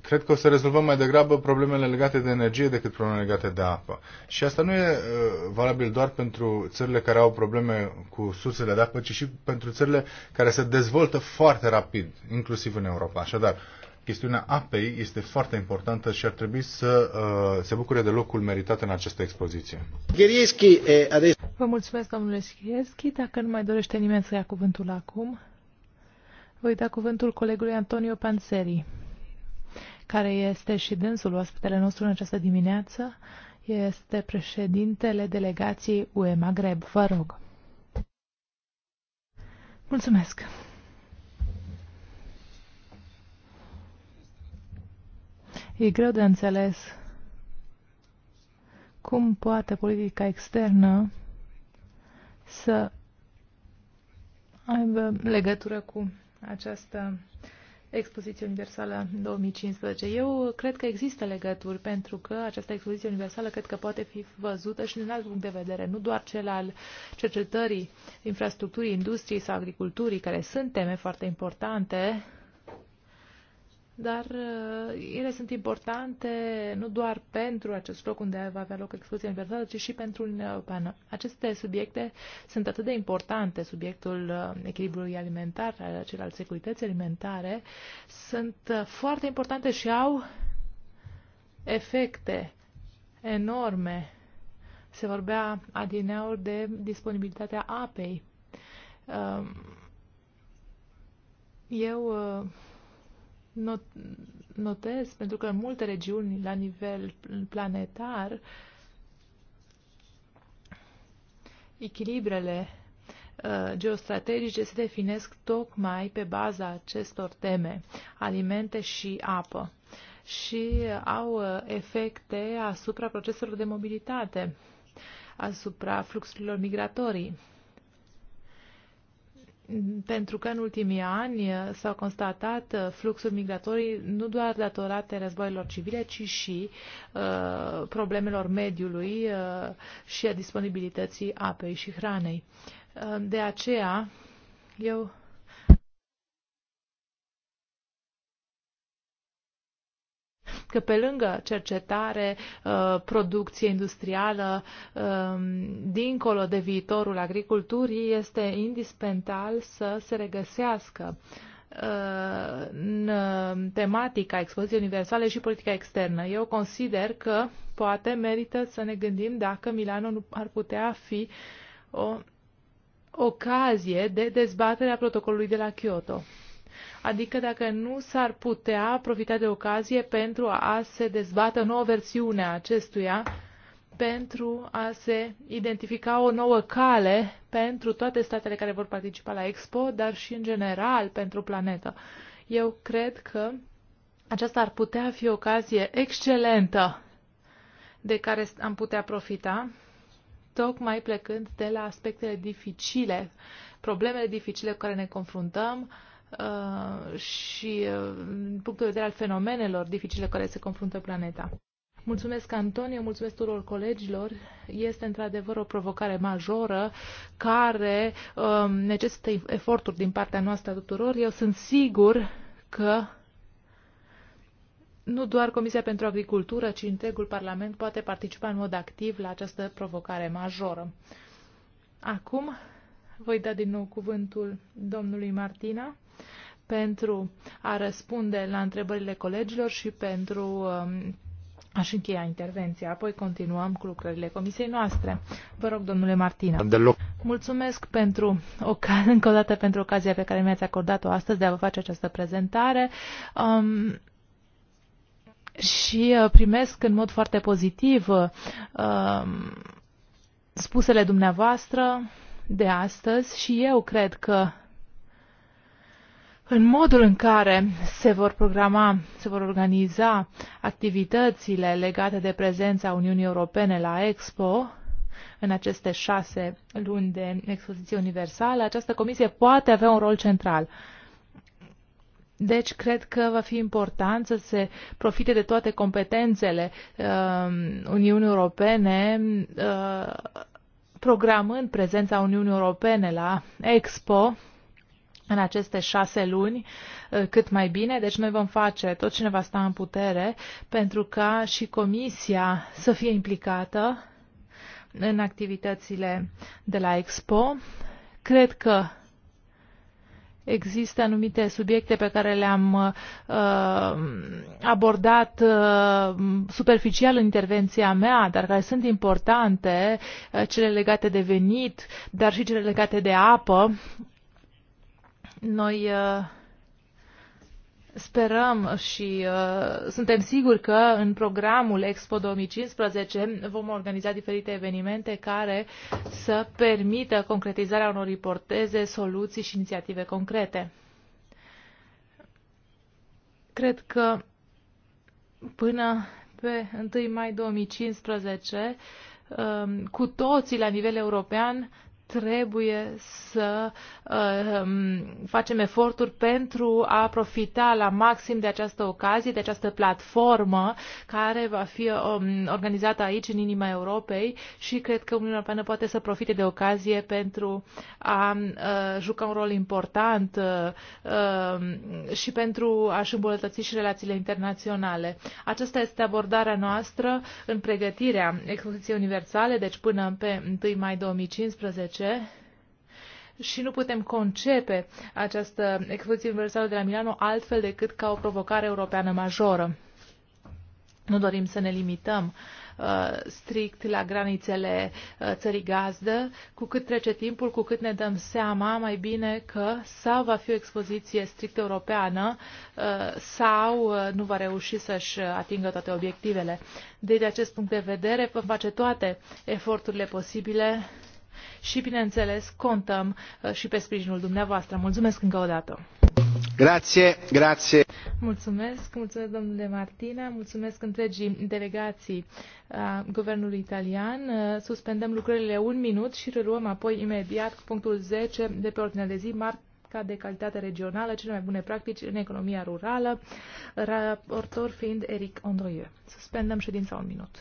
cred că o să rezolvăm mai degrabă problemele legate de energie decât problemele legate de apă. Și asta nu e uh, valabil doar pentru țările care au probleme cu sursele de apă, ci și pentru țările care se dezvoltă foarte rapid, inclusiv în Europa. Așadar, chestiunea apei este foarte importantă și ar trebui să uh, se bucure de locul meritat în această expoziție. Eh, Vă mulțumesc, domnule Schieschi. Dacă nu mai dorește nimeni să ia cuvântul acum, voi da cuvântul colegului Antonio Panseri, care este și dânsul oaspetele nostru în această dimineață. Este președintele delegației UE Maghreb. Vă rog. Mulțumesc. E greu de înțeles cum poate politica externă să aibă legătură cu această expoziție universală 2015. Eu cred că există legături pentru că această expoziție universală cred că poate fi văzută și din alt punct de vedere, nu doar cel al cercetării, infrastructurii, industriei sau agriculturii, care sunt teme foarte importante dar uh, ele sunt importante nu doar pentru acest loc unde va avea loc expoziția universală, ci și pentru Uniunea Europeană. Aceste subiecte sunt atât de importante, subiectul uh, echilibrului alimentar, cel al securității alimentare, sunt uh, foarte importante și au efecte enorme. Se vorbea adineauri de disponibilitatea apei. Um, eu not, notez, pentru că în multe regiuni la nivel planetar, echilibrele uh, geostrategice se definesc tocmai pe baza acestor teme, alimente și apă, și au uh, efecte asupra proceselor de mobilitate, asupra fluxurilor migratorii pentru că în ultimii ani uh, s-au constatat uh, fluxuri migratorii nu doar datorate războiilor civile, ci și uh, problemelor mediului uh, și a disponibilității apei și hranei. Uh, de aceea, eu că pe lângă cercetare, uh, producție industrială, um, dincolo de viitorul agriculturii, este indispensabil să se regăsească uh, în tematica expoziției universale și politica externă. Eu consider că poate merită să ne gândim dacă Milano nu ar putea fi o ocazie de dezbatere a protocolului de la Kyoto. Adică dacă nu s-ar putea profita de ocazie pentru a se dezbată o nouă versiune a acestuia, pentru a se identifica o nouă cale pentru toate statele care vor participa la Expo, dar și în general pentru planetă. Eu cred că aceasta ar putea fi o ocazie excelentă de care am putea profita, tocmai plecând de la aspectele dificile, problemele dificile cu care ne confruntăm, Uh, și uh, din punctul de vedere al fenomenelor dificile care se confruntă planeta. Mulțumesc, Antonio, mulțumesc tuturor colegilor. Este într-adevăr o provocare majoră care um, necesită eforturi din partea noastră a tuturor. Eu sunt sigur că nu doar Comisia pentru Agricultură, ci întregul Parlament poate participa în mod activ la această provocare majoră. Acum voi da din nou cuvântul domnului Martina pentru a răspunde la întrebările colegilor și pentru um, Aș încheia intervenția, apoi continuăm cu lucrările comisiei noastre. Vă rog, domnule Martina. Deloc. Mulțumesc pentru, încă o dată pentru ocazia pe care mi-ați acordat-o astăzi de a vă face această prezentare. Um, și uh, primesc în mod foarte pozitiv uh, um, spusele dumneavoastră de astăzi și eu cred că în modul în care se vor programa, se vor organiza activitățile legate de prezența Uniunii Europene la Expo, în aceste șase luni de expoziție universală, această comisie poate avea un rol central. Deci, cred că va fi important să se profite de toate competențele uh, Uniunii Europene, uh, programând prezența Uniunii Europene la Expo, în aceste șase luni ă, cât mai bine. Deci noi vom face tot ce ne va sta în putere pentru ca și comisia să fie implicată în activitățile de la Expo. Cred că există anumite subiecte pe care le-am uh, abordat uh, superficial în intervenția mea, dar care sunt importante, uh, cele legate de venit, dar și cele legate de apă. Noi uh, sperăm și uh, suntem siguri că în programul Expo 2015 vom organiza diferite evenimente care să permită concretizarea unor ipoteze, soluții și inițiative concrete. Cred că până pe 1 mai 2015 um, cu toții la nivel european trebuie să uh, facem eforturi pentru a profita la maxim de această ocazie, de această platformă care va fi um, organizată aici, în inima Europei și cred că Uniunea Europeană poate să profite de ocazie pentru a uh, juca un rol important uh, și pentru a-și îmbunătăți și relațiile internaționale. Aceasta este abordarea noastră în pregătirea expoziției universale, deci până pe 1 mai 2015 ce și nu putem concepe această expoziție universală de la Milano altfel decât ca o provocare europeană majoră. Nu dorim să ne limităm uh, strict la granițele uh, țării gazdă. Cu cât trece timpul, cu cât ne dăm seama mai bine că sau va fi o expoziție strict europeană uh, sau uh, nu va reuși să-și atingă toate obiectivele. Deci, de acest punct de vedere, vom face toate eforturile posibile și, bineînțeles, contăm uh, și pe sprijinul dumneavoastră. Mulțumesc încă o dată! Grație, grație. Mulțumesc, mulțumesc domnule Martina, mulțumesc întregii delegații a uh, guvernului italian. Uh, suspendăm lucrările un minut și reluăm apoi imediat cu punctul 10 de pe ordinea de zi, marca de calitate regională, cele mai bune practici în economia rurală, raportor fiind Eric Ondoie. Suspendăm ședința un minut.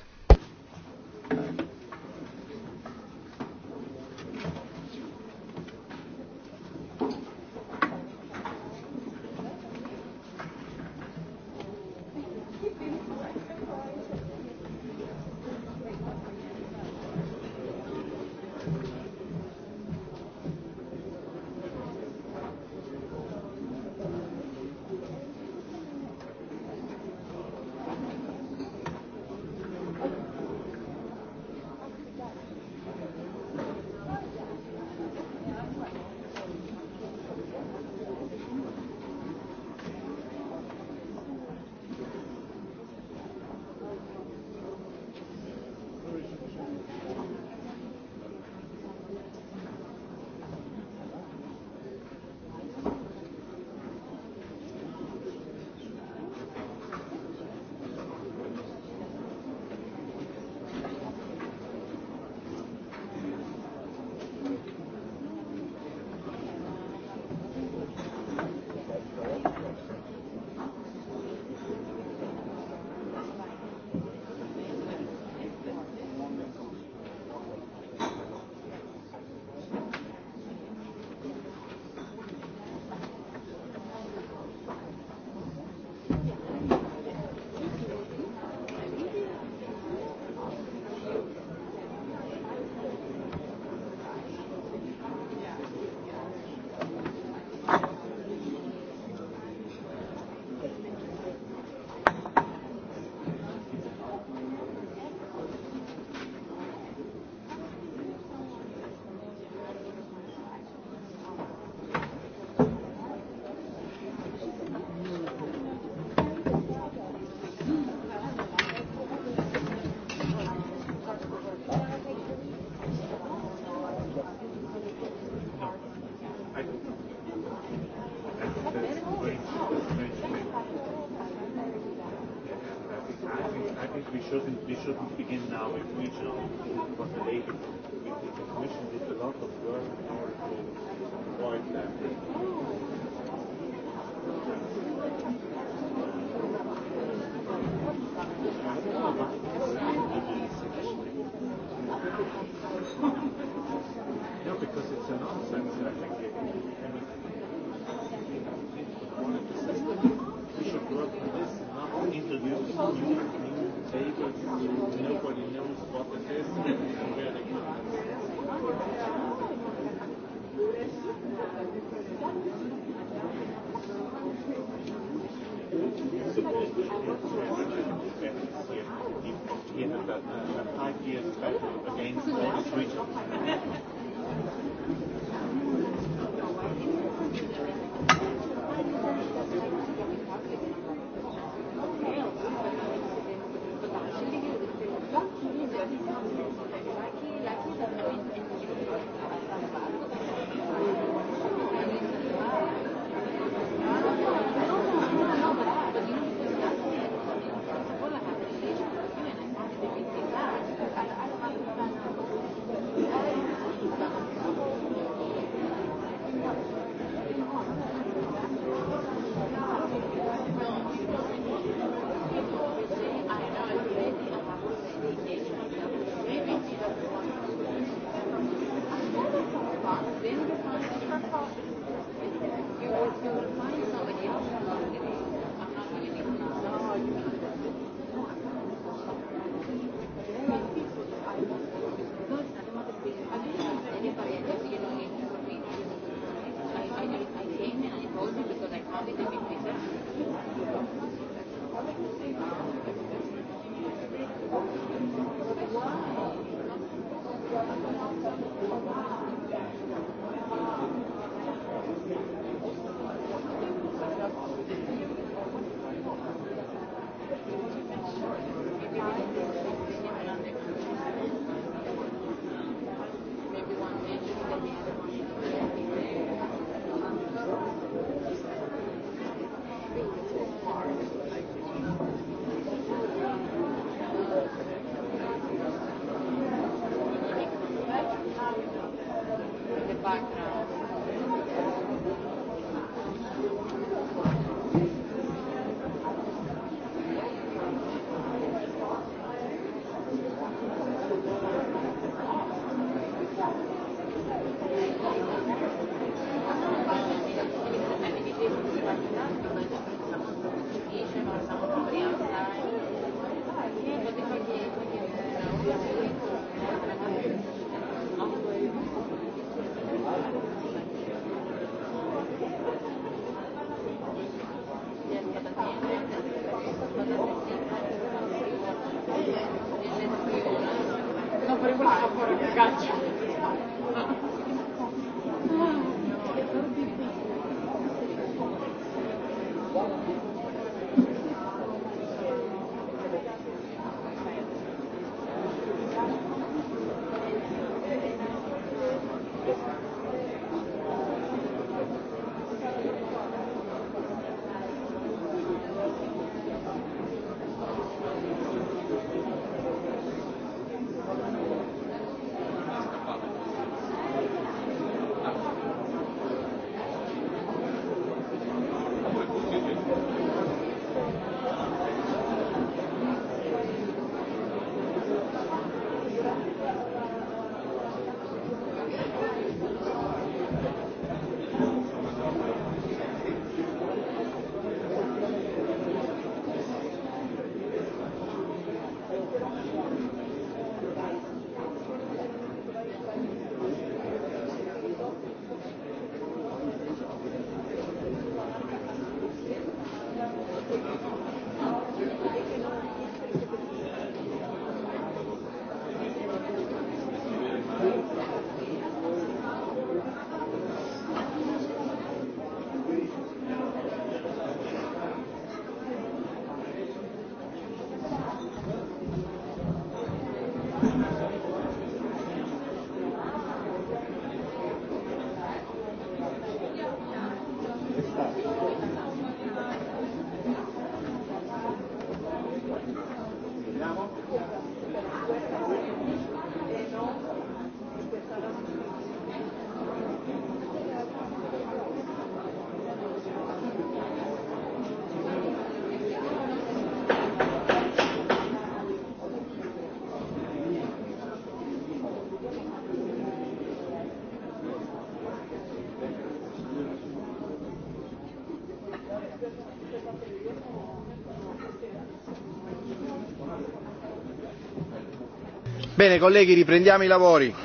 Bene, colleghi, riprendiamo i lavori.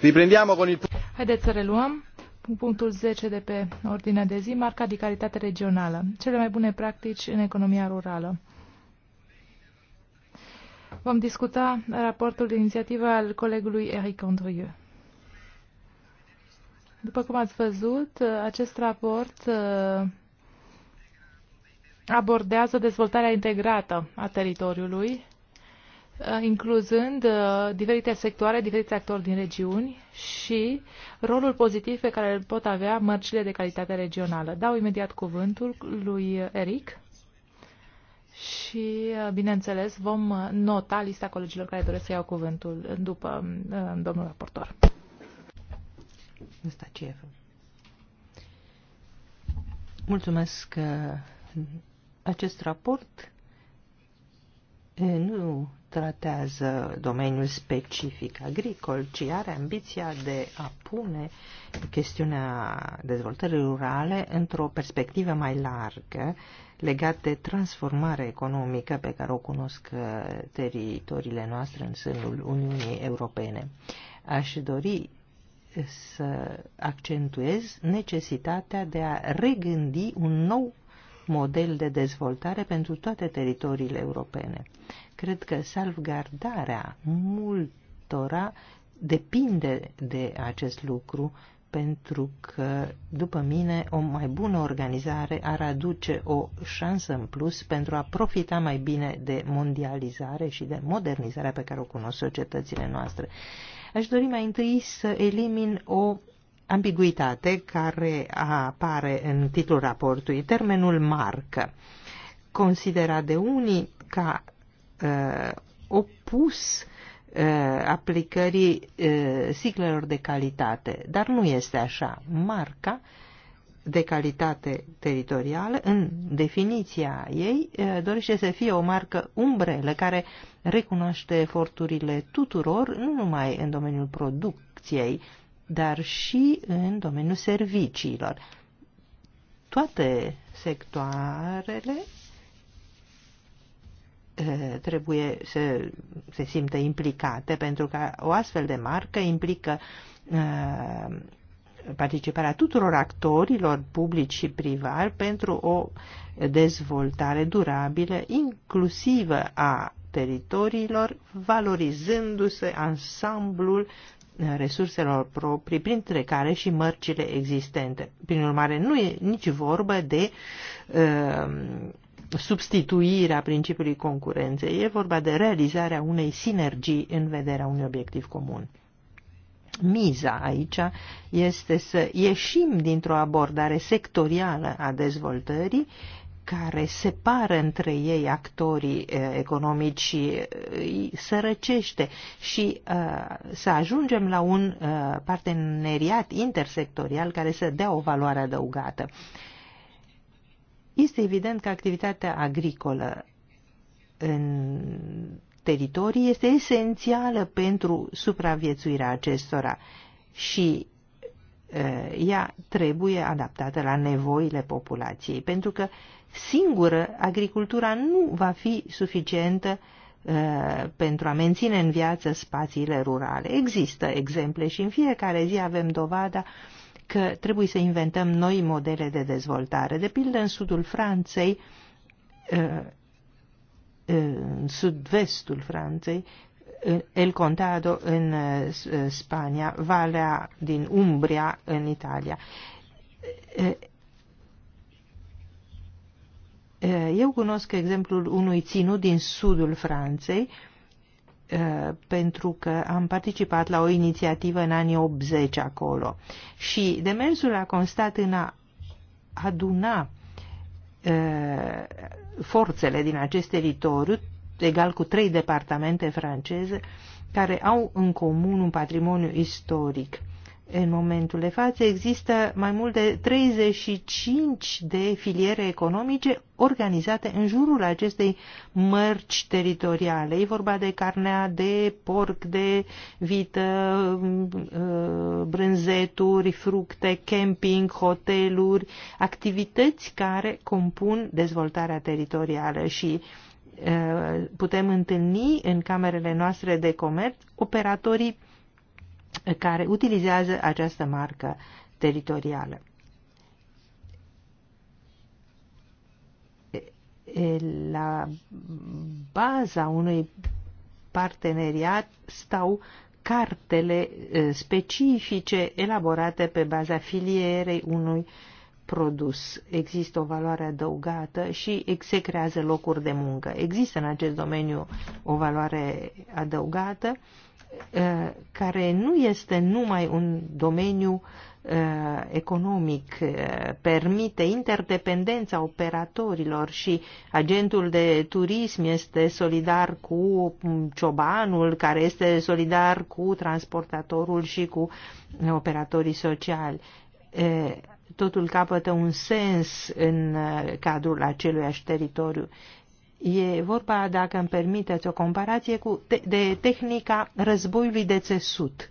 Riprendiamo con il... Haideți să reluăm punctul 10 de pe ordinea de zi, marca de calitate regională, cele mai bune practici în economia rurală. Vom discuta raportul de inițiativă al colegului Eric Andrieu. După cum ați văzut, acest raport uh, abordează dezvoltarea integrată a teritoriului, uh, incluzând uh, diferite sectoare, diferiți actori din regiuni și rolul pozitiv pe care îl pot avea mărcile de calitate regională. Dau imediat cuvântul lui Eric și, uh, bineînțeles, vom nota lista colegilor care doresc să iau cuvântul după domnul raportor. Mulțumesc acest raport nu tratează domeniul specific agricol, ci are ambiția de a pune chestiunea dezvoltării rurale într-o perspectivă mai largă legată de transformarea economică pe care o cunosc uh, teritoriile noastre în sânul Uniunii Europene. Aș dori uh, să accentuez necesitatea de a regândi un nou model de dezvoltare pentru toate teritoriile europene. Cred că salvgardarea multora depinde de acest lucru pentru că, după mine, o mai bună organizare ar aduce o șansă în plus pentru a profita mai bine de mondializare și de modernizarea pe care o cunosc societățile noastre. Aș dori mai întâi să elimin o ambiguitate care apare în titlul raportului, termenul marcă, considerat de unii ca uh, opus uh, aplicării uh, siglelor de calitate, dar nu este așa. Marca de calitate teritorială, în definiția ei, uh, dorește să fie o marcă umbrelă care recunoaște eforturile tuturor, nu numai în domeniul producției, dar și în domeniul serviciilor. Toate sectoarele trebuie să se simtă implicate, pentru că o astfel de marcă implică participarea tuturor actorilor publici și privari pentru o dezvoltare durabilă, inclusivă a teritoriilor, valorizându-se ansamblul resurselor proprii, printre care și mărcile existente. Prin urmare, nu e nici vorbă de uh, substituirea principiului concurenței, e vorba de realizarea unei sinergii în vederea unui obiectiv comun. Miza aici este să ieșim dintr-o abordare sectorială a dezvoltării care separă între ei actorii eh, economici și eh, îi sărăcește și eh, să ajungem la un parteneriat intersectorial care să dea o valoare adăugată. Este evident că activitatea agricolă în teritorii este esențială pentru supraviețuirea acestora și ea trebuie adaptată la nevoile populației, pentru că uh, singură agricultura nu va fi suficientă uh, pentru a menține în viață spațiile rurale. Există exemple și în fiecare zi avem dovada că trebuie să inventăm noi modele de dezvoltare. De pildă, în sudul Franței, uh, uh, în sud-vestul Franței, El Contado în Spania, Valea din Umbria în Italia. Eh, eu cunosc exemplul unui ținut din sudul Franței, eh, pentru că am participat la o inițiativă în anii 80 acolo. Și demersul a constat în a aduna eh, forțele din acest teritoriu, egal cu trei departamente franceze, care au în comun un patrimoniu istoric. În momentul de față există mai mult de 35 de filiere economice organizate în jurul acestei mărci teritoriale. E vorba de carnea de porc, de vită, uh, brânzeturi, fructe, camping, hoteluri, activități care compun dezvoltarea teritorială și uh, putem întâlni în camerele noastre de comerț operatorii care utilizează această marcă teritorială. La baza unui parteneriat stau cartele specifice elaborate pe baza filierei unui produs. Există o valoare adăugată și se creează locuri de muncă. Există în acest domeniu o valoare adăugată Eh, care nu este numai un domeniu eh, economic, eh, permite interdependența operatorilor și agentul de turism este solidar cu ciobanul, care este solidar cu transportatorul și cu operatorii sociali. Totul capătă un sens în cadrul acelui teritoriu E vorba, dacă îmi permiteți o comparație, cu te de tehnica războiului de țesut.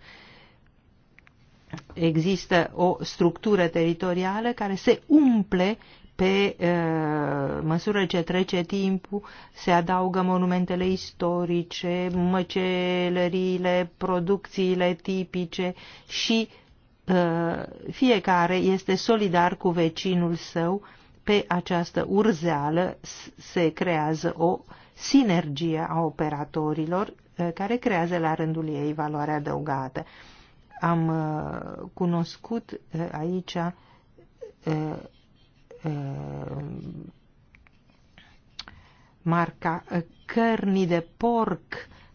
Există o structură teritorială care se umple pe uh, măsură ce trece timpul, se adaugă monumentele istorice, măcelăriile, producțiile tipice și uh, fiecare este solidar cu vecinul său uh, pe această urzeală se creează o sinergie a operatorilor eh, care creează la rândul ei valoare adăugată. Am eh, cunoscut eh, aici marca cărnii de porc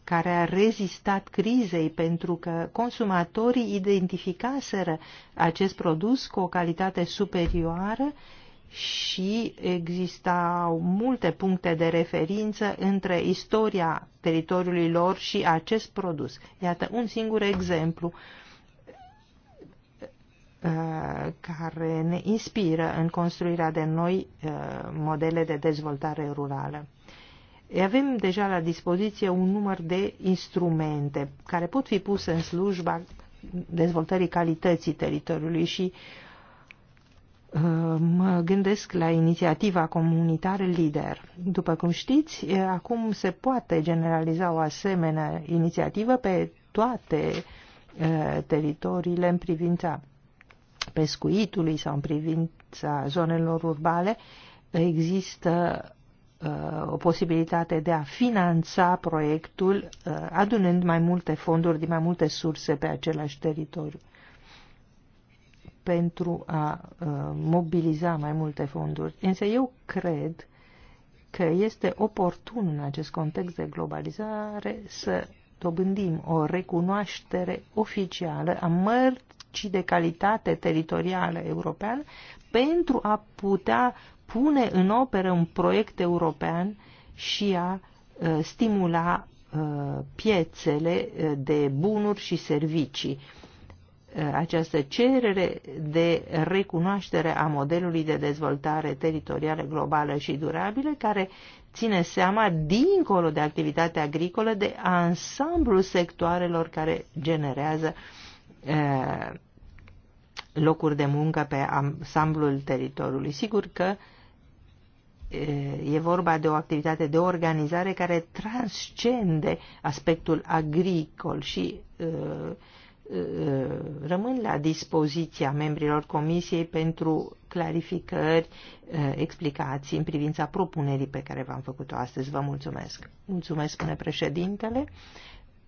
care a rezistat crizei pentru că consumatorii identificaseră acest produs cu o calitate superioară și existau multe puncte de referință între istoria teritoriului lor și acest produs. Iată un singur exemplu uh, care ne inspiră în construirea de noi uh, modele de dezvoltare rurală. Avem deja la dispoziție un număr de instrumente care pot fi puse în slujba dezvoltării calității teritoriului și uh, mă gândesc la inițiativa comunitară LIDER. După cum știți, acum se poate generaliza o asemenea inițiativă pe toate teritoriile în privința pescuitului sau în privința zonelor urbane. Există o posibilitate de a finanța proiectul adunând mai multe fonduri din mai multe surse pe același teritoriu pentru a mobiliza mai multe fonduri. Însă eu cred că este oportun în acest context de globalizare să dobândim o recunoaștere oficială a mărcii de calitate teritorială europeană pentru a putea pune în operă un proiect european și a stimula piețele de bunuri și servicii această cerere de recunoaștere a modelului de dezvoltare teritorială globală și durabilă, care ține seama, dincolo de activitatea agricolă, de ansamblul sectoarelor care generează locuri de muncă pe ansamblul teritoriului. Sigur că e vorba de o activitate de organizare care transcende aspectul agricol și uh, Uh, rămân la dispoziția membrilor Comisiei pentru clarificări, uh, explicații în privința propunerii pe care v-am făcut-o astăzi. Vă mulțumesc. Mulțumesc, spune președintele.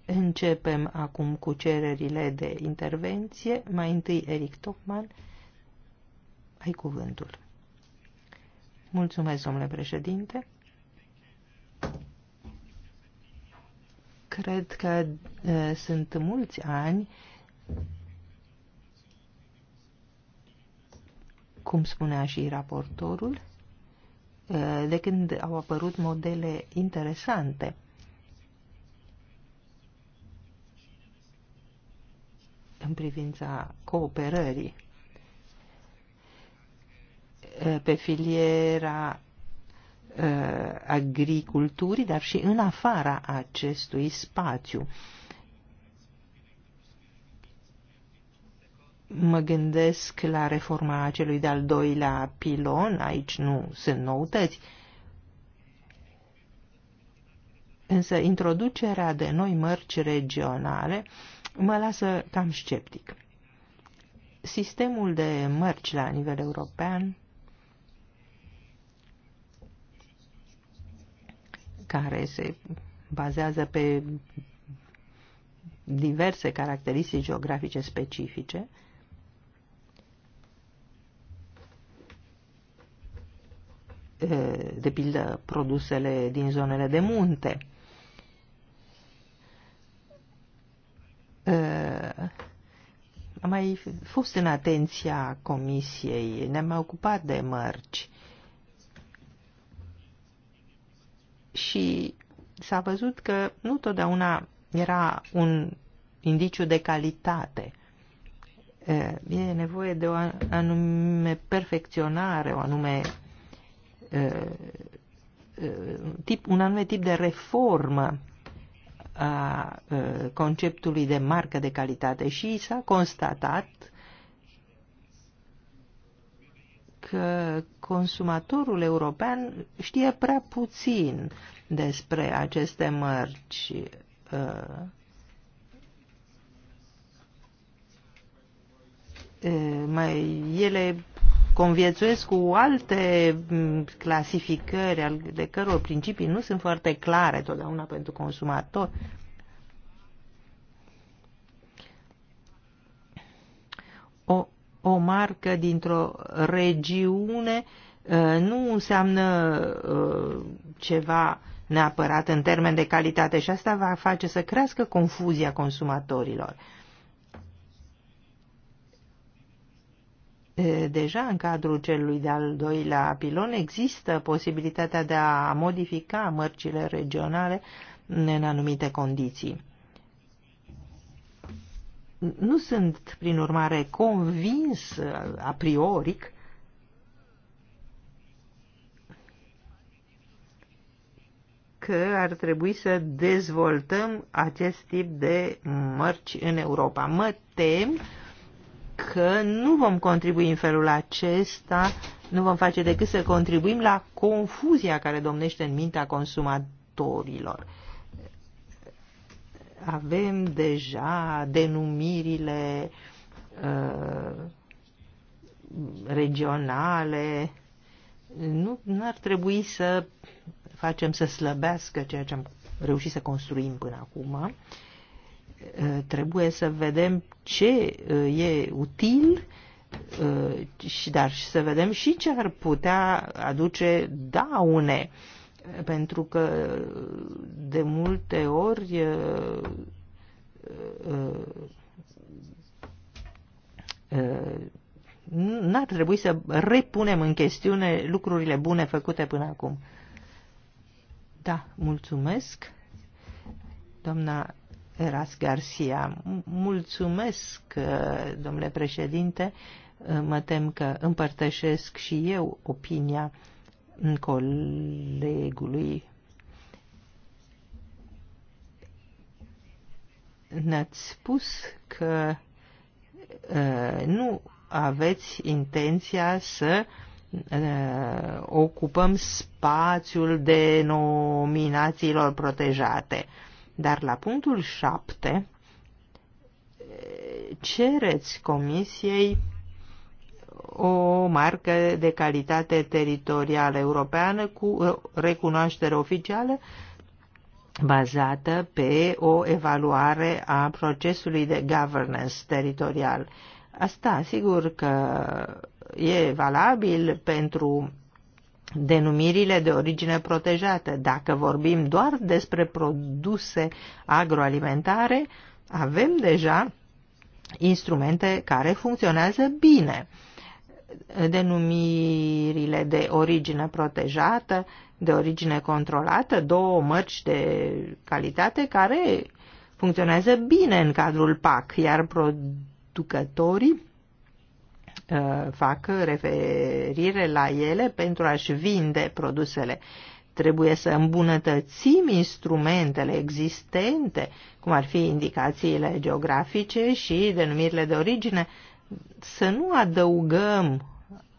Începem acum cu cererile de intervenție. Mai întâi, Eric Tocman, ai cuvântul. Mulțumesc, domnule președinte. Cred că uh, sunt mulți ani cum spunea și raportorul, eh, de când au apărut modele interesante. în privința cooperării eh, pe filiera eh, agriculturii, dar și în afara acestui spațiu. mă gândesc la reforma celui de-al doilea pilon, aici nu sunt noutăți, însă introducerea de noi mărci regionale mă lasă cam sceptic. Sistemul de mărci la nivel european care se bazează pe diverse caracteristici geografice specifice, de pildă, produsele din zonele de munte. am mai fost în atenția comisiei, ne-am mai ocupat de mărci și s-a văzut că nu totdeauna era un indiciu de calitate. E nevoie de o anume perfecționare, o anume tip, un anume tip de reformă a conceptului de marcă de calitate și s-a constatat că consumatorul european știe prea puțin despre aceste mărci. Mai ele conviețuiesc cu alte mm, clasificări de căror principii nu sunt foarte clare totdeauna pentru consumator. O, o marcă dintr-o regiune ă, nu înseamnă ă, ceva neapărat în termen de calitate și asta va face să crească confuzia consumatorilor. deja în cadrul celui de-al doilea pilon există posibilitatea de a modifica mărcile regionale în anumite condiții. Nu sunt, prin urmare, convins a priori că ar trebui să dezvoltăm acest tip de mărci în Europa. Mă tem că nu vom contribui în felul acesta, nu vom face decât să contribuim la confuzia care domnește în mintea consumatorilor. Avem deja denumirile uh, regionale. Nu ar trebui să facem să slăbească ceea ce am reușit să construim până acum. Uh, Eh, trebuie să vedem ce eh, e util eh, și dar și să vedem și ce ar putea aduce daune pentru că de multe ori n-ar trebui să repunem în chestiune lucrurile bune făcute până acum. Da, mulțumesc. Doamna Eras Garcia. Mulțumesc, uh, domnule președinte. Uh, mă tem că împărtășesc și eu opinia colegului. Ne-ați spus că uh, nu aveți intenția să uh, ocupăm spațiul de nominațiilor protejate. Uh, dar la punctul 7 cereți Comisiei o marcă de calitate teritorială europeană cu recunoaștere oficială bazată pe o evaluare a procesului de governance teritorial. Asta, sigur că e valabil pentru denumirile de origine protejată. Dacă vorbim doar despre produse agroalimentare, avem deja instrumente care funcționează bine. Denumirile de origine protejată, de origine controlată, două mărci de calitate care funcționează bine în cadrul PAC, iar producătorii Uh, fac referire la ele pentru a-și vinde produsele. Trebuie să îmbunătățim instrumentele existente, cum ar fi indicațiile geografice și denumirile de origine, să nu adăugăm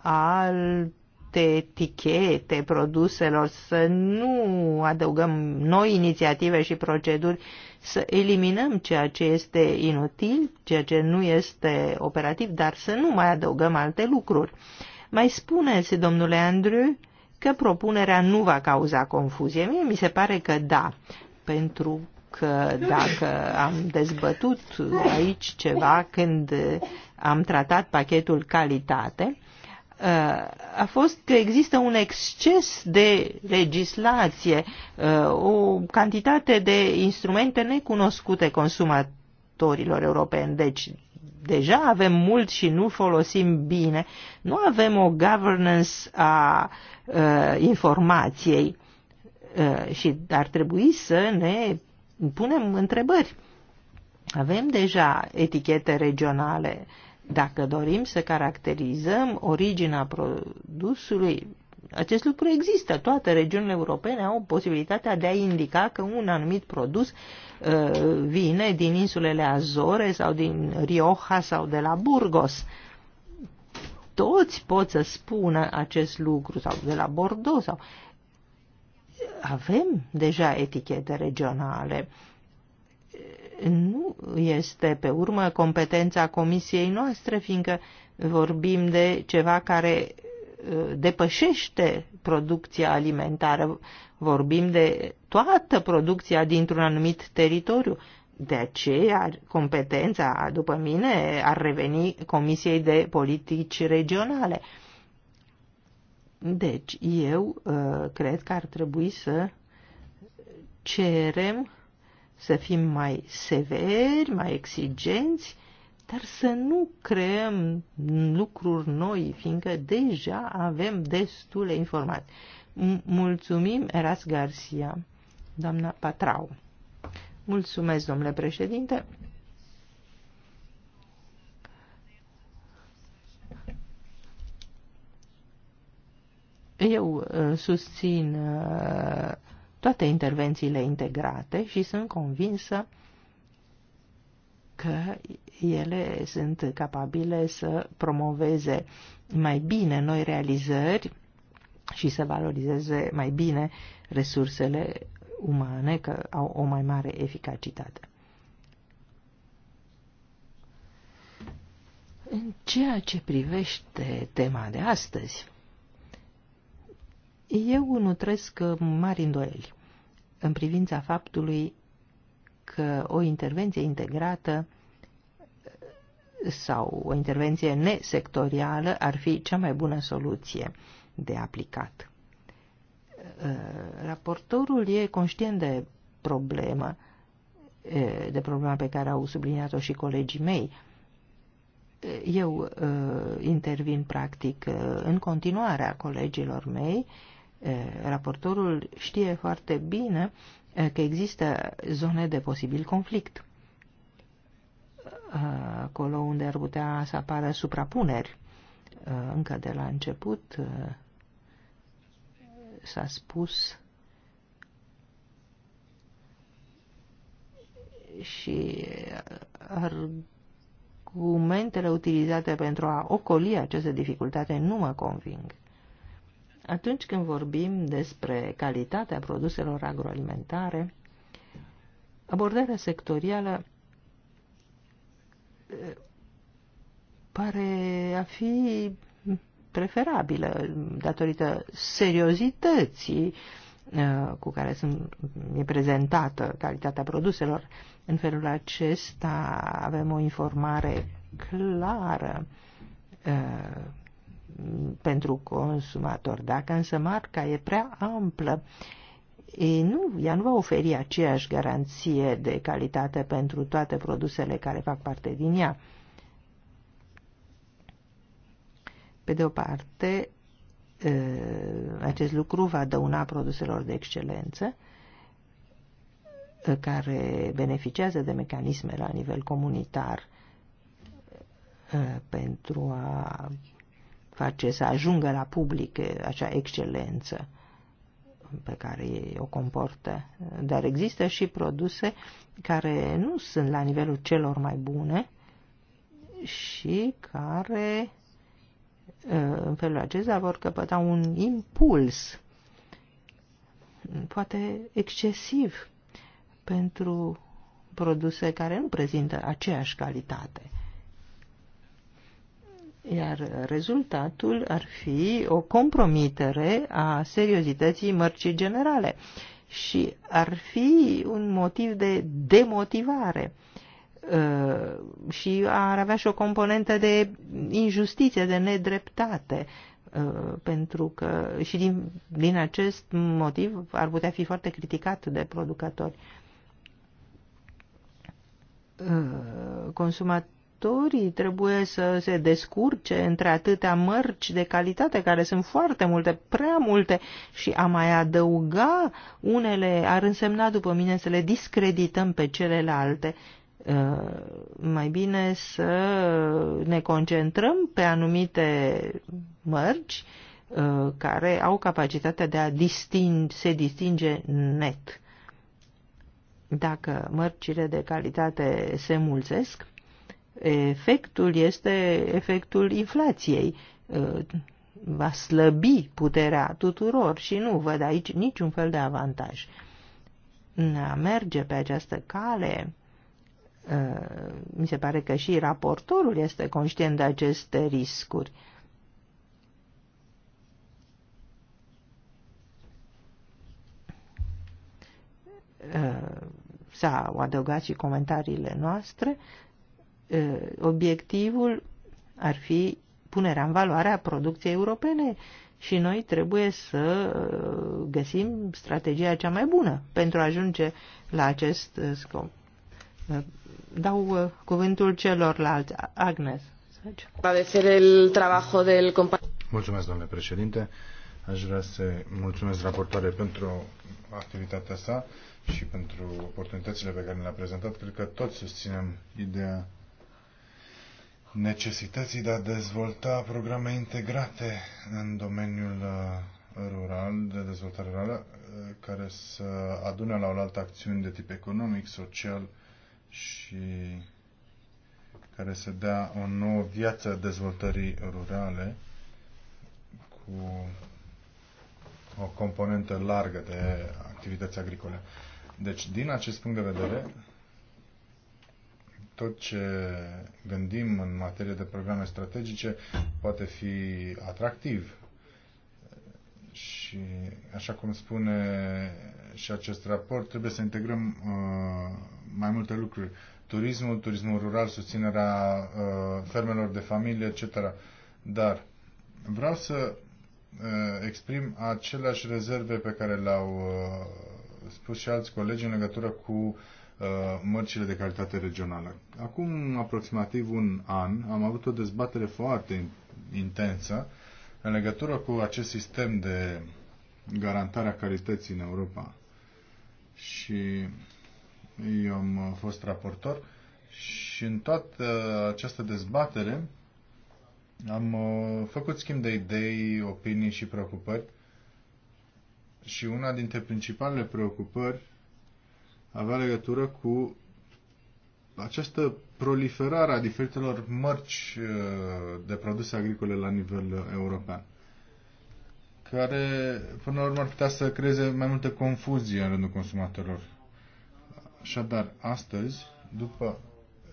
alte etichete produselor, să nu adăugăm noi inițiative și proceduri uh, să eliminăm ceea ce este inutil, ceea ce nu este operativ, dar să nu mai adăugăm alte lucruri. Mai spuneți, domnule Andrew, că propunerea nu va cauza confuzie. Mie mi se pare că da, pentru că dacă am dezbătut aici ceva când am tratat pachetul calitate, Uh, a fost că există un exces de legislație, uh, o cantitate de instrumente necunoscute consumatorilor europeni. Deci, deja avem mult și nu folosim bine. Nu avem o governance a uh, informației și ar trebui să ne punem întrebări. Avem deja etichete regionale uh, dacă dorim să caracterizăm originea produsului, acest lucru există. Toate regiunile europene au posibilitatea de a indica că un anumit produs uh, vine din insulele Azore sau din Rioja sau de la Burgos. Toți pot să spună acest lucru sau de la Bordeaux sau avem deja etichete regionale nu este pe urmă competența comisiei noastre, fiindcă vorbim de ceva care uh, depășește producția alimentară, vorbim de toată producția dintr-un anumit teritoriu. De aceea, competența, după mine, ar reveni Comisiei de Politici Regionale. Deci, eu uh, cred că ar trebui să cerem să fim mai severi, mai exigenți, dar să nu creăm lucruri noi, fiindcă deja avem destule informații. Mulțumim, Eras Garcia, doamna Patrau. Mulțumesc, domnule președinte. Eu uh, susțin uh, toate intervențiile integrate și sunt convinsă că ele sunt capabile să promoveze mai bine noi realizări și să valorizeze mai bine resursele umane, că au o mai mare eficacitate. În ceea ce privește tema de astăzi, eu nutresc uh, mari îndoieli în privința faptului că o intervenție integrată uh, sau o intervenție nesectorială ar fi cea mai bună soluție de aplicat. Uh, raportorul e conștient de problemă, de problema pe care au subliniat-o și colegii mei. Eu intervin practic în continuare a colegilor mei raportorul știe foarte bine că există zone de posibil conflict, acolo unde ar putea să apară suprapuneri. Încă de la început s-a spus și argumentele utilizate pentru a ocoli aceste dificultate nu mă conving. Atunci când vorbim despre calitatea produselor agroalimentare, abordarea sectorială eh, pare a fi preferabilă datorită seriozității eh, cu care sunt, e prezentată calitatea produselor. În felul acesta avem o informare clară eh, pentru consumator. Dacă însă marca e prea amplă, ei nu, ea nu va oferi aceeași garanție de calitate pentru toate produsele care fac parte din ea. Pe de o parte, acest lucru va dăuna produselor de excelență care beneficiază de mecanisme la nivel comunitar pentru a face să ajungă la public acea excelență pe care ei o comportă. Dar există și produse care nu sunt la nivelul celor mai bune și care în felul acesta vor căpăta un impuls poate excesiv pentru produse care nu prezintă aceeași calitate iar rezultatul ar fi o compromitere a seriozității mărcii generale și ar fi un motiv de demotivare uh, și ar avea și o componentă de injustiție, de nedreptate, uh, pentru că și din, din acest motiv ar putea fi foarte criticat de producători. Uh, Consumat producătorii trebuie să se descurce între atâtea mărci de calitate, care sunt foarte multe, prea multe, și a mai adăuga unele ar însemna, după mine, să le discredităm pe celelalte. Uh, mai bine să ne concentrăm pe anumite mărci uh, care au capacitatea de a disting, se distinge net. Dacă mărcile de calitate se mulțesc, efectul este efectul inflației. Ă, va slăbi puterea tuturor și nu văd aici niciun fel de avantaj. A merge pe această cale, ă, mi se pare că și raportorul este conștient de aceste riscuri. Ă, s-au adăugat și comentariile noastre obiectivul ar fi punerea în valoare a producției europene și noi trebuie să găsim strategia cea mai bună pentru a ajunge la acest scop. Dau cuvântul celorlalți. Agnes. trabajo del Mulțumesc, domnule președinte. Aș vrea să mulțumesc raportoare pentru activitatea sa și pentru oportunitățile pe care le-a prezentat. Cred că toți susținem ideea necesității de a dezvolta programe integrate în domeniul uh, rural, de dezvoltare rurală, uh, care să adune la oaltă acțiuni de tip economic, social și care să dea o nouă viață dezvoltării rurale cu o componentă largă de activități agricole. Deci, din acest punct de vedere, tot ce gândim în materie de programe strategice poate fi atractiv. Și, așa cum spune și acest raport, trebuie să integrăm uh, mai multe lucruri. Turismul, turismul rural, susținerea uh, fermelor de familie, etc. Dar vreau să uh, exprim aceleași rezerve pe care le-au uh, spus și alți colegi în legătură cu uh, Uh, mărcile de calitate regională. Acum aproximativ un an am avut o dezbatere foarte intensă în legătură cu acest sistem de garantare a calității în Europa. Și eu am fost raportor și în toată această dezbatere am uh, făcut schimb de idei, opinii și preocupări și una dintre principalele preocupări avea legătură cu această proliferare a diferitelor mărci uh, de produse agricole la nivel uh, european, care până la urmă ar putea să creeze mai multă confuzie în rândul consumatorilor. Așadar, astăzi, după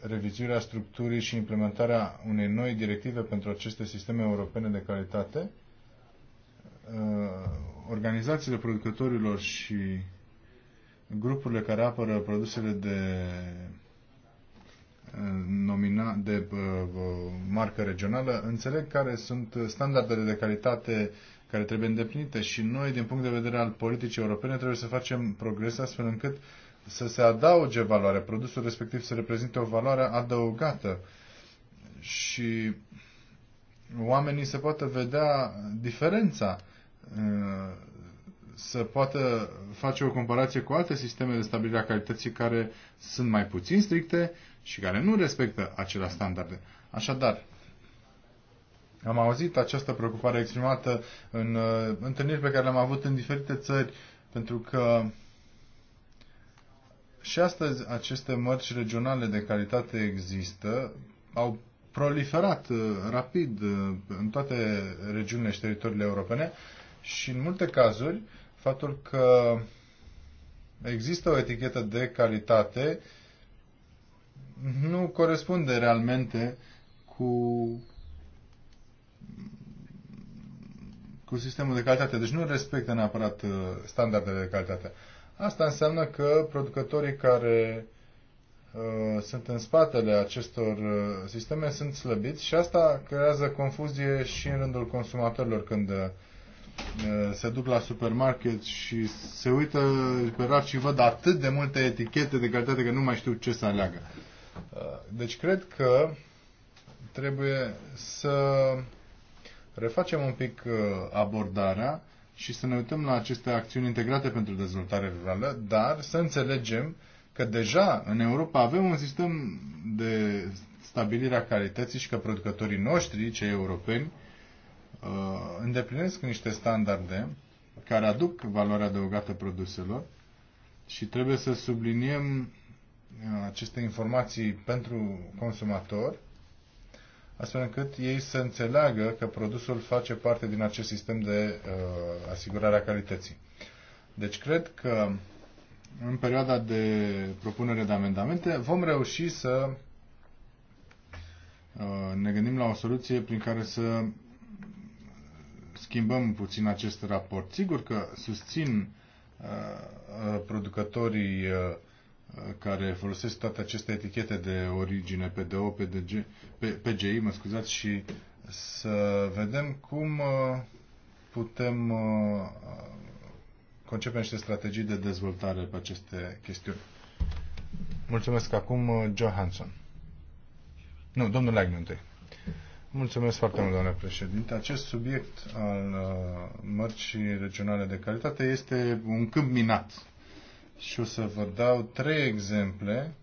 revizuirea structurii și implementarea unei noi directive pentru aceste sisteme europene de calitate, uh, organizațiile producătorilor și grupurile care apără produsele de eh, nomina, de eh, marcă regională, înțeleg care sunt standardele de calitate care trebuie îndeplinite și noi, din punct de vedere al politicii europene, trebuie să facem progrese astfel încât să se adauge valoare, produsul respectiv să reprezinte o valoare adăugată și oamenii să poată vedea diferența eh, să poată face o comparație cu alte sisteme de stabilire a calității care sunt mai puțin stricte și care nu respectă acelea standarde. Așadar, am auzit această preocupare exprimată în uh, întâlniri pe care le-am avut în diferite țări, pentru că și astăzi aceste mărci regionale de calitate există, au proliferat uh, rapid uh, în toate regiunile și teritoriile europene și în multe cazuri faptul că există o etichetă de calitate nu corespunde realmente cu cu sistemul de calitate. Deci nu respectă neapărat uh, standardele de calitate. Asta înseamnă că producătorii care uh, sunt în spatele acestor uh, sisteme sunt slăbiți și asta creează confuzie și în rândul consumatorilor când Uh, se duc la supermarket și se uită pe raft și văd atât de multe etichete de calitate că nu mai știu ce să aleagă. Uh, deci cred că trebuie să refacem un pic uh, abordarea și să ne uităm la aceste acțiuni integrate pentru dezvoltare rurală, dar să înțelegem că deja în Europa avem un sistem de stabilire a calității și că producătorii noștri, cei europeni, Uh, îndeplinesc niște standarde care aduc valoarea adăugată produselor și trebuie să subliniem uh, aceste informații pentru consumator, astfel încât ei să înțeleagă că produsul face parte din acest sistem de uh, asigurare a calității. Deci cred că în perioada de propunere de amendamente vom reuși să uh, ne gândim la o soluție prin care să schimbăm puțin acest raport. Sigur că susțin uh, uh, producătorii uh, care folosesc toate aceste etichete de origine PDO, PDG, PGI, mă scuzați, și să vedem cum putem concepe niște strategii de dezvoltare pe aceste chestiuni. Mulțumesc acum, Johansson. Nu, domnul Lagnu întâi. Mulțumesc foarte mult, domnule președinte. Acest subiect al uh, mărcii regionale de calitate este un câmp minat. Și o să vă dau trei exemple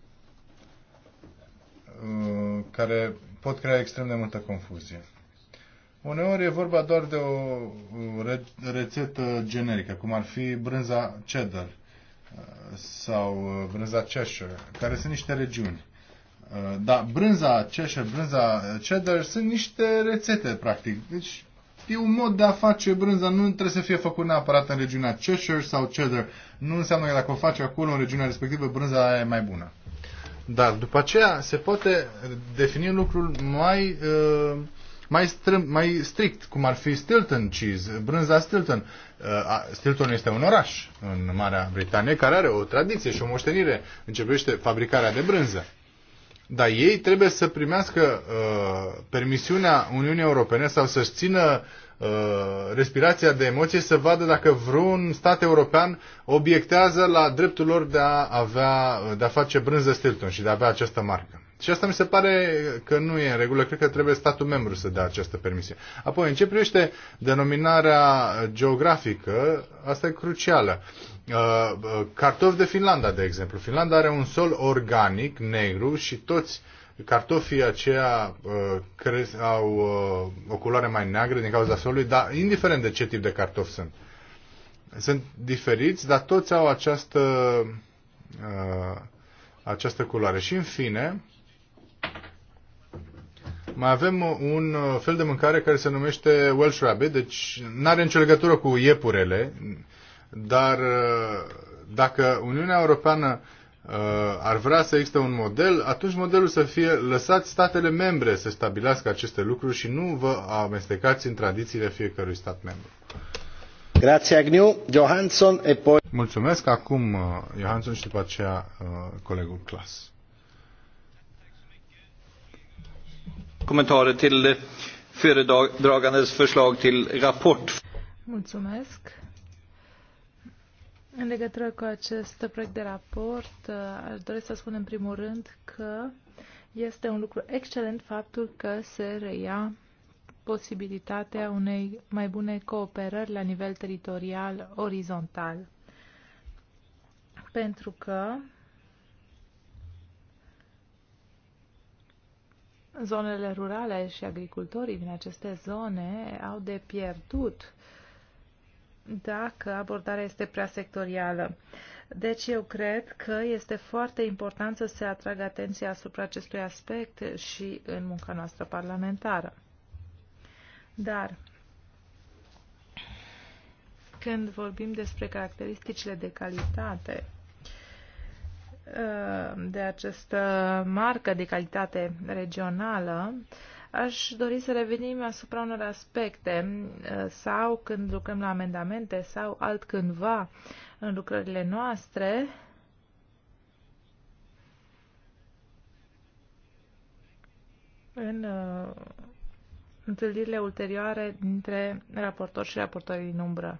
uh, care pot crea extrem de multă confuzie. Uneori e vorba doar de o uh, rețetă generică, cum ar fi brânza cheddar sau brânza cheshire, care sunt niște regiuni. Uh, Dar brânza Cheshire, brânza cheddar sunt niște rețete, practic. Deci e un mod de a face brânza, nu trebuie să fie făcut neapărat în regiunea Cheshire sau cheddar. Nu înseamnă că dacă o faci acolo, în regiunea respectivă, brânza aia e mai bună. Da, după aceea se poate defini lucrul mai, uh, mai, str- mai strict, cum ar fi Stilton cheese, brânza Stilton. Uh, Stilton este un oraș în Marea Britanie care are o tradiție și o moștenire. Începește fabricarea de brânză dar ei trebuie să primească uh, permisiunea Uniunii Europene sau să-și țină uh, respirația de emoție să vadă dacă vreun stat european obiectează la dreptul lor de a, avea, uh, de a face brânză Stilton și de a avea această marcă. Și asta mi se pare că nu e în regulă. Cred că trebuie statul membru să dea această permisie. Apoi, în ce privește denominarea geografică, asta e crucială. Uh, uh, cartofi de Finlanda, de exemplu. Finlanda are un sol organic, negru și toți cartofii aceia uh, crez, au o culoare mai neagră din cauza solului, dar indiferent de ce tip de cartofi sunt. Sunt diferiți, dar toți au această, această culoare. Și în fine, mai avem un fel de mâncare care se numește Welsh Rabbit, deci nu are nicio legătură cu iepurele, dar uh, dacă Uniunea Europeană uh, ar vrea să existe un model, atunci modelul să fie lăsat statele membre să stabilească aceste lucruri și nu vă amestecați în tradițiile fiecărui stat membru. Grazie Agniu. Johansson e poi... Mulțumesc acum uh, Johansson și după aceea colegul Clas. Comentarii till eh, föredragandes förslag till rapport. Mulțumesc. În legătură cu acest proiect de raport, uh, aș dori să spun în primul rând că este un lucru excelent faptul că se reia posibilitatea unei mai bune cooperări la nivel teritorial orizontal. Pentru că zonele rurale și agricultorii din aceste zone au de pierdut uh, dacă abordarea este prea sectorială. Deci eu cred că este foarte important să se atragă atenția asupra acestui aspect și în munca noastră parlamentară. Dar când vorbim despre caracteristicile de calitate ă, de această marcă de calitate regională, Aș dori să revenim asupra unor aspecte sau când lucrăm la amendamente sau altcândva în lucrările noastre. În uh, întâlnirile ulterioare dintre raportor și raportorii din umbră.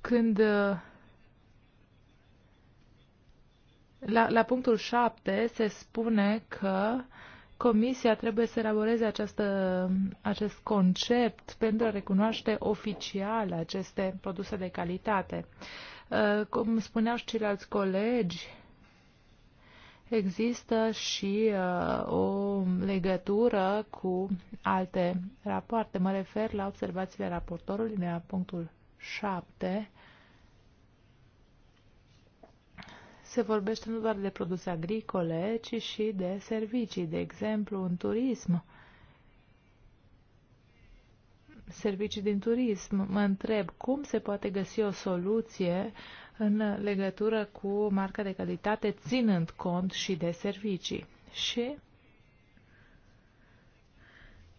Când uh, la, la punctul 7 se spune că Comisia trebuie să elaboreze această, acest concept pentru a recunoaște oficial aceste produse de calitate. Uh, cum spuneau și ceilalți colegi, există și uh, o legătură cu alte rapoarte. Mă refer la observațiile raportorului de la punctul 7 se vorbește nu doar de produse agricole, ci și de servicii, de exemplu, în turism. Servicii din turism. Mă întreb cum se poate găsi o soluție în legătură cu marca de calitate, ținând cont și de servicii. Și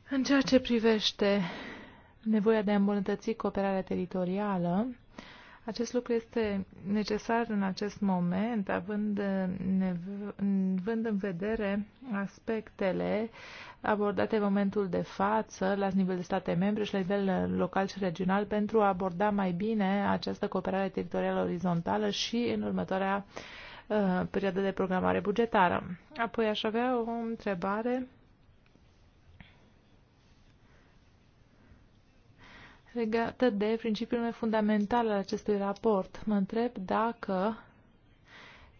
în ceea ce privește nevoia de a îmbunătăți cooperarea teritorială, acest lucru este necesar în acest moment, având, având în vedere aspectele abordate în momentul de față la nivel de state membre și la nivel local și regional pentru a aborda mai bine această cooperare teritorială orizontală și în următoarea uh, perioadă de programare bugetară. Apoi aș avea o întrebare legată de principiul meu fundamental al acestui raport. Mă întreb dacă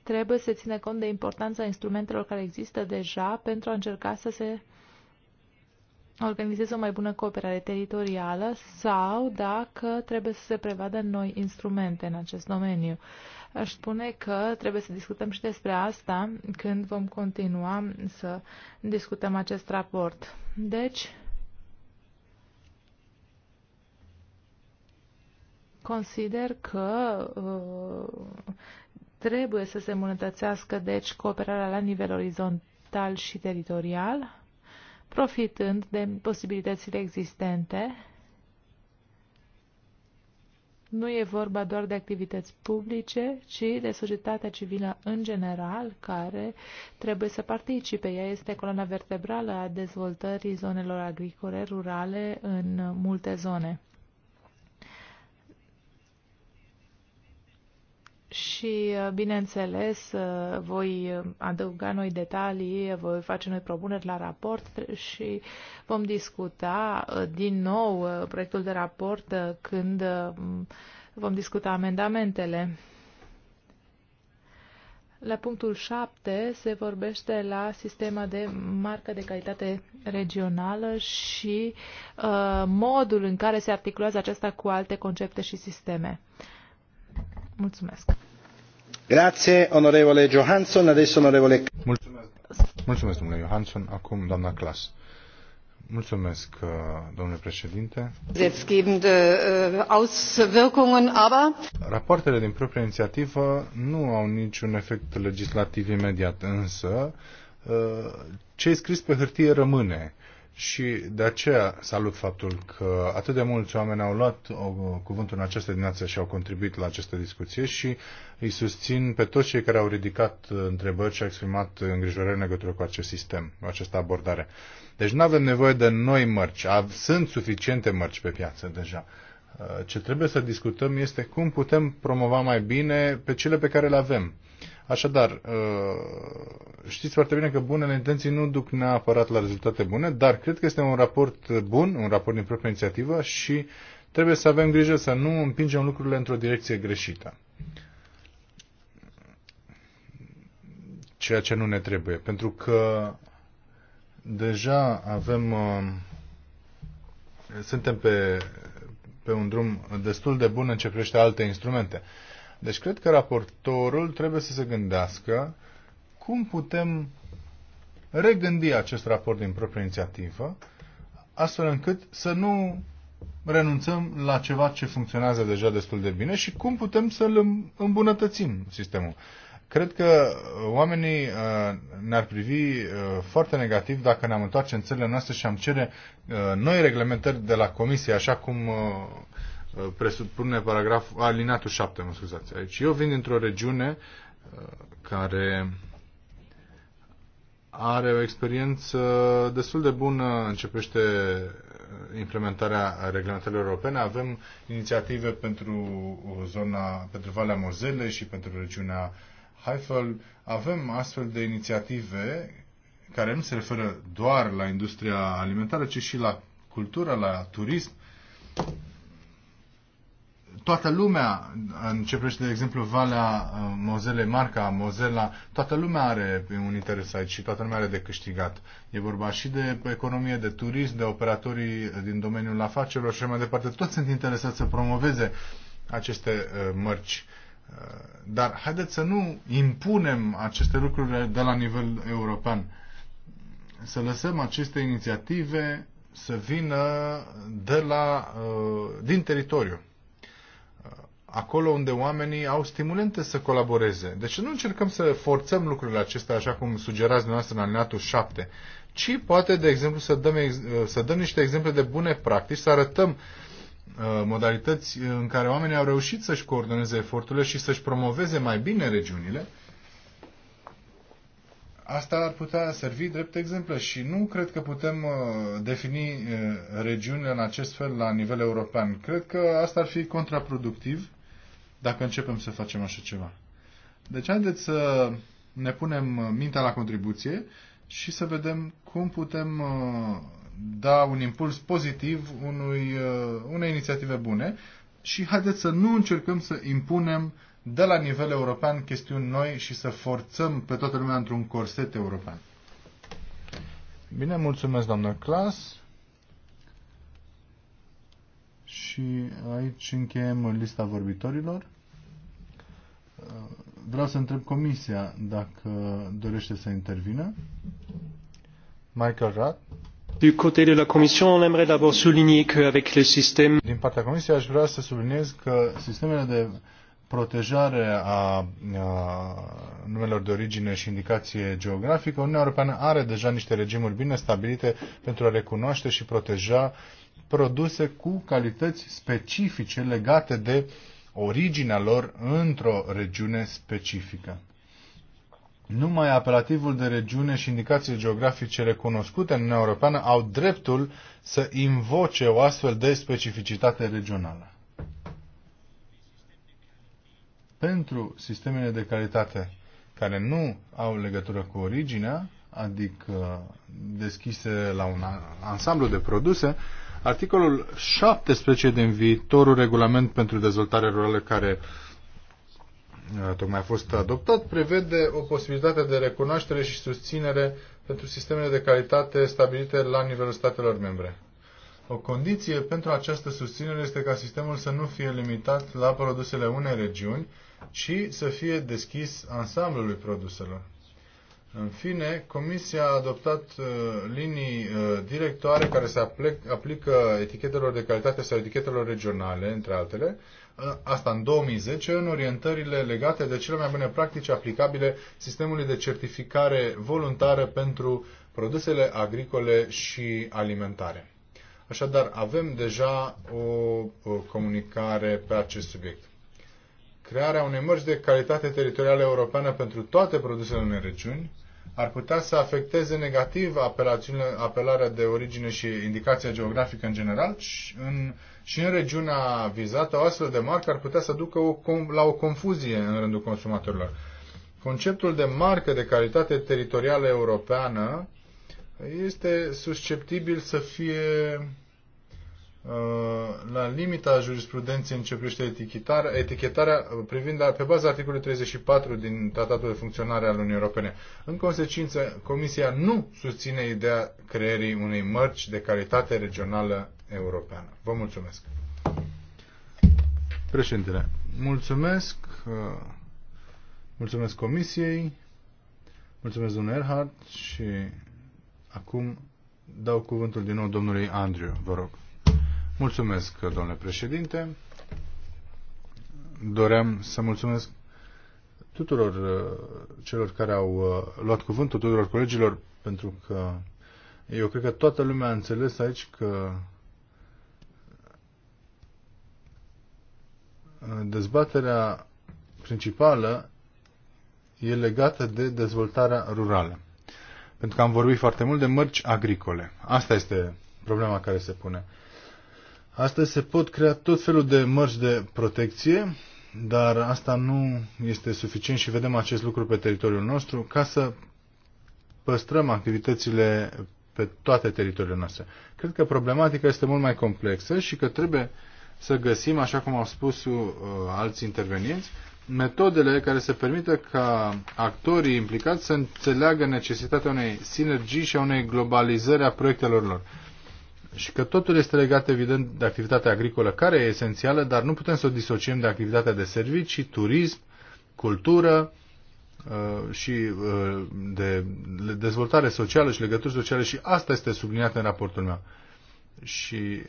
trebuie să ține cont de importanța instrumentelor care există deja pentru a încerca să se organizeze o mai bună cooperare teritorială sau dacă trebuie să se prevadă noi instrumente în acest domeniu. Aș spune că trebuie să discutăm și despre asta când vom continua să discutăm acest raport. Deci, Consider că uh, trebuie să se îmbunătățească, deci, cooperarea la nivel orizontal și teritorial, profitând de posibilitățile existente. Nu e vorba doar de activități publice, ci de societatea civilă în general, care trebuie să participe. Ea este coloana vertebrală a dezvoltării zonelor agricole, rurale, în multe zone. și, uh, bineînțeles, uh, voi uh, adăuga noi detalii, voi face noi propuneri la raport și vom discuta din nou proiectul de raport când vom discuta amendamentele. La punctul 7 se vorbește la sistemă de marcă de calitate regională și uh, modul în care se articulează aceasta cu alte concepte și sisteme. Uh, Mulțumesc. Mulțumesc. Mulțumesc, domnule Johansson. Acum, doamna Clas. Mulțumesc, uh, domnule președinte. Äh, äh, Rapoartele din propria inițiativă nu au niciun efect legislativ imediat, însă uh, ce e scris pe hârtie rămâne și de aceea salut faptul că atât de mulți oameni au luat cuvântul în această dimineață și au contribuit la această discuție și îi susțin pe toți cei care au ridicat uh, întrebări și au exprimat îngrijorări în legătură cu acest sistem, cu această abordare. Deci nu avem nevoie de noi mărci. Sunt suficiente mărci pe piață deja. Uh, ce trebuie să discutăm este cum putem promova mai bine pe cele pe care le avem Așadar, uh, știți foarte bine că bunele intenții nu duc neapărat la rezultate bune, dar cred că este un raport bun, un raport din propria inițiativă și trebuie să avem grijă să nu împingem lucrurile într-o direcție greșită. Ceea ce nu ne trebuie, pentru că deja avem uh, suntem pe, pe un drum destul de bun în ce privește alte instrumente. Deci cred că raportorul trebuie să se gândească cum putem regândi acest raport din proprie inițiativă, astfel încât să nu renunțăm la ceva ce funcționează deja destul de bine și cum putem să-l îmbunătățim sistemul. Cred că oamenii uh, ne-ar privi uh, foarte negativ dacă ne-am întoarce în țările noastre și am cere uh, noi reglementări de la Comisie, așa cum Uh, presupune paragraf alinatul 7, mă scuzați. Aici eu vin dintr-o regiune uh, care are o experiență destul de bună, începește uh, implementarea reglementărilor europene. Avem inițiative pentru zona, pentru Valea Mozele și pentru regiunea Haifel. Avem astfel de inițiative care nu se referă doar la industria alimentară, ci și la cultură, la turism toată lumea, în ce privește, de exemplu, Valea uh, Mozele, Marca, Mozela, toată lumea are un interes aici și toată lumea are de câștigat. E vorba și de economie, de turism, de operatorii din domeniul afacerilor și mai departe. Toți sunt interesați să promoveze aceste uh, mărci. Uh, dar haideți să nu impunem aceste lucruri de la nivel european. Să lăsăm aceste inițiative să vină de la, din teritoriu acolo unde oamenii au stimulente să colaboreze. Deci nu încercăm să forțăm lucrurile acestea așa cum sugerați dumneavoastră în alineatul 7, ci poate, de exemplu, să dăm, să dăm niște exemple de bune practici, să arătăm uh, modalități în care oamenii au reușit să-și coordoneze eforturile și să-și promoveze mai bine regiunile, asta ar putea servi drept exemplu și nu cred că putem uh, defini uh, regiunile în acest fel la nivel european. Cred că asta ar fi contraproductiv dacă începem să facem așa ceva. Deci haideți să ne punem mintea la contribuție și să vedem cum putem uh, da un impuls pozitiv unui, uh, unei inițiative bune și haideți să nu încercăm să impunem de la nivel european chestiuni noi și să forțăm pe toată lumea într-un corset european. Bine, mulțumesc, doamnă Clas. și aici încheiem lista vorbitorilor. Vreau să întreb comisia dacă dorește să intervină. Michael Rath. Du côté de la Commission, on aimerait d'abord souligner qu'avec le système... Din partea comisiei aș vrea să subliniez că sistemele de protejare a, numelor de origine și indicație geografică, Uniunea Europeană are deja niște regimuri bine stabilite pentru a recunoaște și proteja uh, produse cu calități specifice legate de originea lor într-o regiune specifică. Numai apelativul de regiune și indicațiile geografice recunoscute în Uniunea Europeană au dreptul să invoce o astfel de specificitate regională. Pentru sistemele de calitate care nu au legătură cu originea, adică deschise la un ansamblu de produse, Articolul 17 din viitorul regulament pentru dezvoltare rurală care uh, tocmai a fost adoptat prevede o posibilitate de recunoaștere și susținere pentru sistemele de calitate stabilite la nivelul statelor membre. O condiție pentru această susținere este ca sistemul să nu fie limitat la produsele unei regiuni, ci să fie deschis ansamblului produselor. În fine, Comisia a adoptat uh, linii uh, directoare care se aplec, aplică etichetelor de calitate sau etichetelor regionale, între altele, uh, asta în 2010, în orientările legate de cele mai bune practici aplicabile sistemului de certificare voluntară pentru produsele agricole și alimentare. Așadar, avem deja o, o comunicare pe acest subiect crearea unei mărci de calitate teritorială europeană pentru toate produsele unei regiuni, ar putea să afecteze negativ apelarea de origine și indicația geografică în general și în, și în regiunea vizată o astfel de marcă ar putea să ducă o, la o confuzie în rândul consumatorilor. Conceptul de marcă de calitate teritorială europeană este susceptibil să fie Uh, la limita jurisprudenței în ce privește etichetarea, etichetarea uh, privind pe baza articolului 34 din Tratatul de Funcționare al Uniunii Europene. În consecință, Comisia nu susține ideea creierii unei mărci de calitate regională europeană. Vă mulțumesc. Președintele, mulțumesc. Uh, mulțumesc Comisiei. Mulțumesc, domnul Erhard. Și acum dau cuvântul din nou domnului Andrew. Vă rog. Mulțumesc, domnule președinte. Doream să mulțumesc tuturor uh, celor care au uh, luat cuvântul, tuturor colegilor, pentru că eu cred că toată lumea a înțeles aici că uh, dezbaterea principală e legată de dezvoltarea rurală. Pentru că am vorbit foarte mult de mărci agricole. Asta este problema care se pune. Astăzi se pot crea tot felul de mărci de protecție, dar asta nu este suficient și vedem acest lucru pe teritoriul nostru ca să păstrăm activitățile pe toate teritoriile noastre. Cred că problematica este mult mai complexă și că trebuie să găsim, așa cum au spus uh, alți intervenienți, metodele care să permită ca actorii implicați să înțeleagă necesitatea unei sinergii și a unei globalizări a proiectelor lor și că totul este legat evident de activitatea agricolă care e esențială, dar nu putem să o disociem de activitatea de servicii, turism, cultură uh, și uh, de dezvoltare socială și legături sociale și asta este subliniat în raportul meu. Și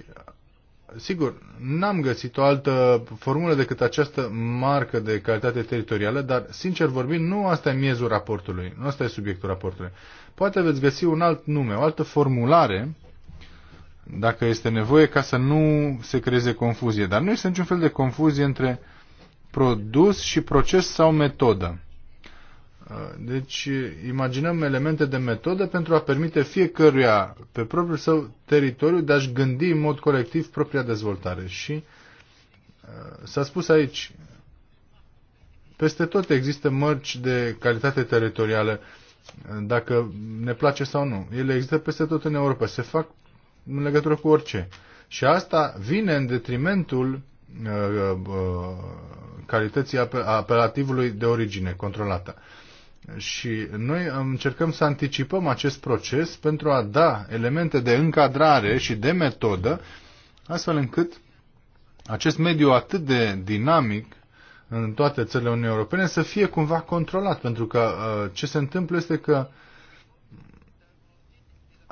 sigur, n-am găsit o altă formulă decât această marcă de calitate teritorială, dar, sincer vorbind, nu asta e miezul raportului, nu asta e subiectul raportului. Poate veți găsi un alt nume, o altă formulare dacă este nevoie ca să nu se creeze confuzie. Dar nu este niciun fel de confuzie între produs și proces sau metodă. Uh, deci imaginăm elemente de metodă pentru a permite fiecăruia pe propriul său teritoriu de a-și gândi în mod colectiv propria dezvoltare. Și uh, s-a spus aici, peste tot există mărci de calitate teritorială, uh, dacă ne place sau nu. Ele există peste tot în Europa. Se fac în legătură cu orice. Și asta vine în detrimentul uh, uh, calității apelativului de origine controlată. Și noi încercăm să anticipăm acest proces pentru a da elemente de încadrare și de metodă, astfel încât acest mediu atât de dinamic în toate țările Uniunii Europene să fie cumva controlat, pentru că uh, ce se întâmplă este că uh,